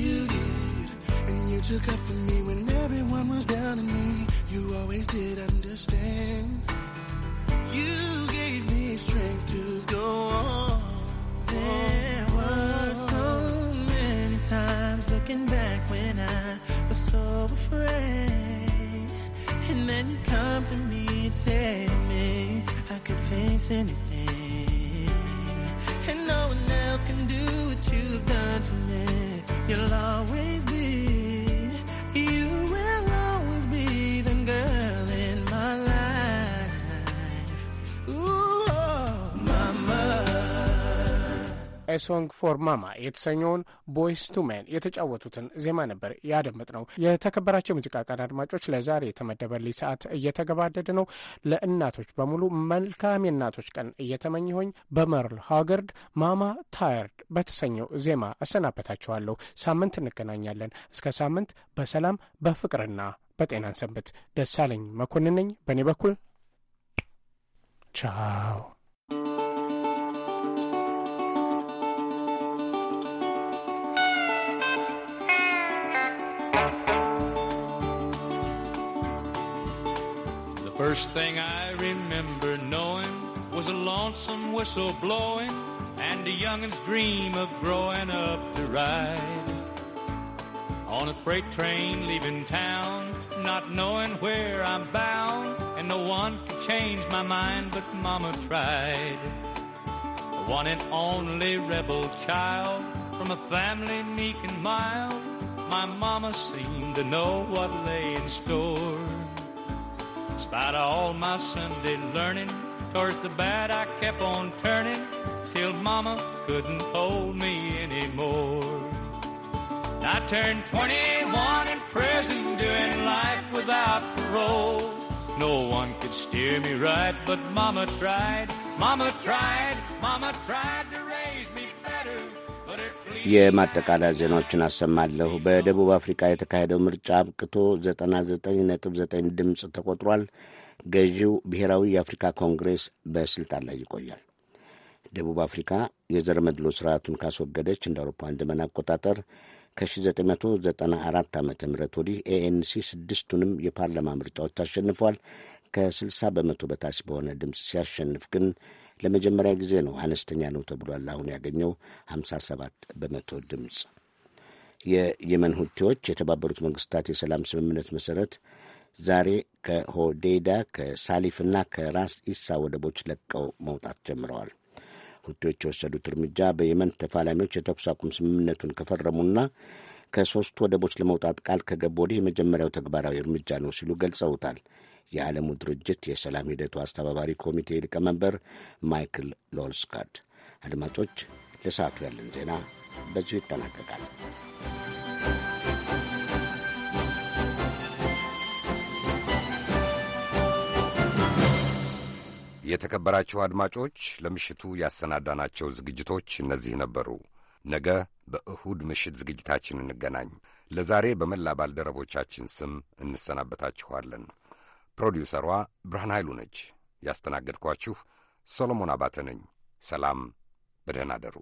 you did. And you took up for me when everyone was down on me. You always did understand. You gave me strength to go on. There were so many times looking back when I was so afraid. And then you come to me and say to me, I could face anything. And no one else can do what you've done for me you'll always be ሶንግ ፎር ማማ የተሰኘውን ቦይስ ቱ ሜን የተጫወቱትን ዜማ ነበር ያደመጥ ነው። የተከበራቸው የሙዚቃ ቀን አድማጮች፣ ለዛሬ የተመደበልኝ ሰዓት እየተገባደደ ነው። ለእናቶች በሙሉ መልካም የእናቶች ቀን እየተመኘሁኝ በመርል ሃገርድ ማማ ታየርድ በተሰኘው ዜማ አሰናበታችኋለሁ። ሳምንት እንገናኛለን። እስከ ሳምንት በሰላም በፍቅርና በጤናን ሰንበት። ደሳለኝ መኮንን ነኝ። በእኔ በኩል ቻው። First thing I remember knowing was a lonesome whistle blowing and a youngin's dream of growing up to ride. On a freight train leaving town, not knowing where I'm bound, and no one could change my mind, but Mama tried. The one and only rebel child from a family meek and mild, my Mama seemed to know what lay in store spite of all my Sunday learning, towards the bad I kept on turning till Mama couldn't hold me anymore. I turned 21 in prison, doing life without parole. No one could steer me right, but Mama tried, Mama tried, Mama tried to. የማጠቃለያ ዜናዎችን አሰማለሁ። በደቡብ አፍሪካ የተካሄደው ምርጫ አብቅቶ 99.9 ድምፅ ተቆጥሯል። ገዢው ብሔራዊ የአፍሪካ ኮንግሬስ በስልጣን ላይ ይቆያል። ደቡብ አፍሪካ የዘር መድሎ ስርዓቱን ካስወገደች እንደ አውሮፓውያን ዘመን አቆጣጠር ከ1994 ዓ ም ወዲህ ኤኤንሲ ስድስቱንም የፓርላማ ምርጫዎች ታሸንፏል። ከ60 በመቶ በታች በሆነ ድምፅ ሲያሸንፍ ግን ለመጀመሪያ ጊዜ ነው አነስተኛ ነው ተብሏል። አሁን ያገኘው 57 በመቶ ድምፅ። የየመን ሁቲዎች የተባበሩት መንግስታት የሰላም ስምምነት መሠረት ዛሬ ከሳሊፍ ከሳሊፍና ከራስ ኢሳ ወደቦች ለቀው መውጣት ጀምረዋል። ሁቲዎች የወሰዱት እርምጃ በየመን ተፋላሚዎች የተኩስ አቁም ስምምነቱን ከፈረሙና ከሦስቱ ወደቦች ለመውጣት ቃል ከገቡ ወዲህ የመጀመሪያው ተግባራዊ እርምጃ ነው ሲሉ ገልጸውታል። የዓለሙ ድርጅት የሰላም ሂደቱ አስተባባሪ ኮሚቴ ሊቀመንበር ማይክል ሎልስካድ። አድማጮች፣ ለሰዓቱ ያለን ዜና በዚሁ ይጠናቀቃል። የተከበራችሁ አድማጮች፣ ለምሽቱ ያሰናዳናቸው ዝግጅቶች እነዚህ ነበሩ። ነገ በእሁድ ምሽት ዝግጅታችን እንገናኝ። ለዛሬ በመላ ባልደረቦቻችን ስም እንሰናበታችኋለን። ፕሮዲውሰሯ ብርሃን ኃይሉ ነች። ያስተናገድኳችሁ ሰሎሞን አባተ ነኝ። ሰላም፣ በደህና አደሩ።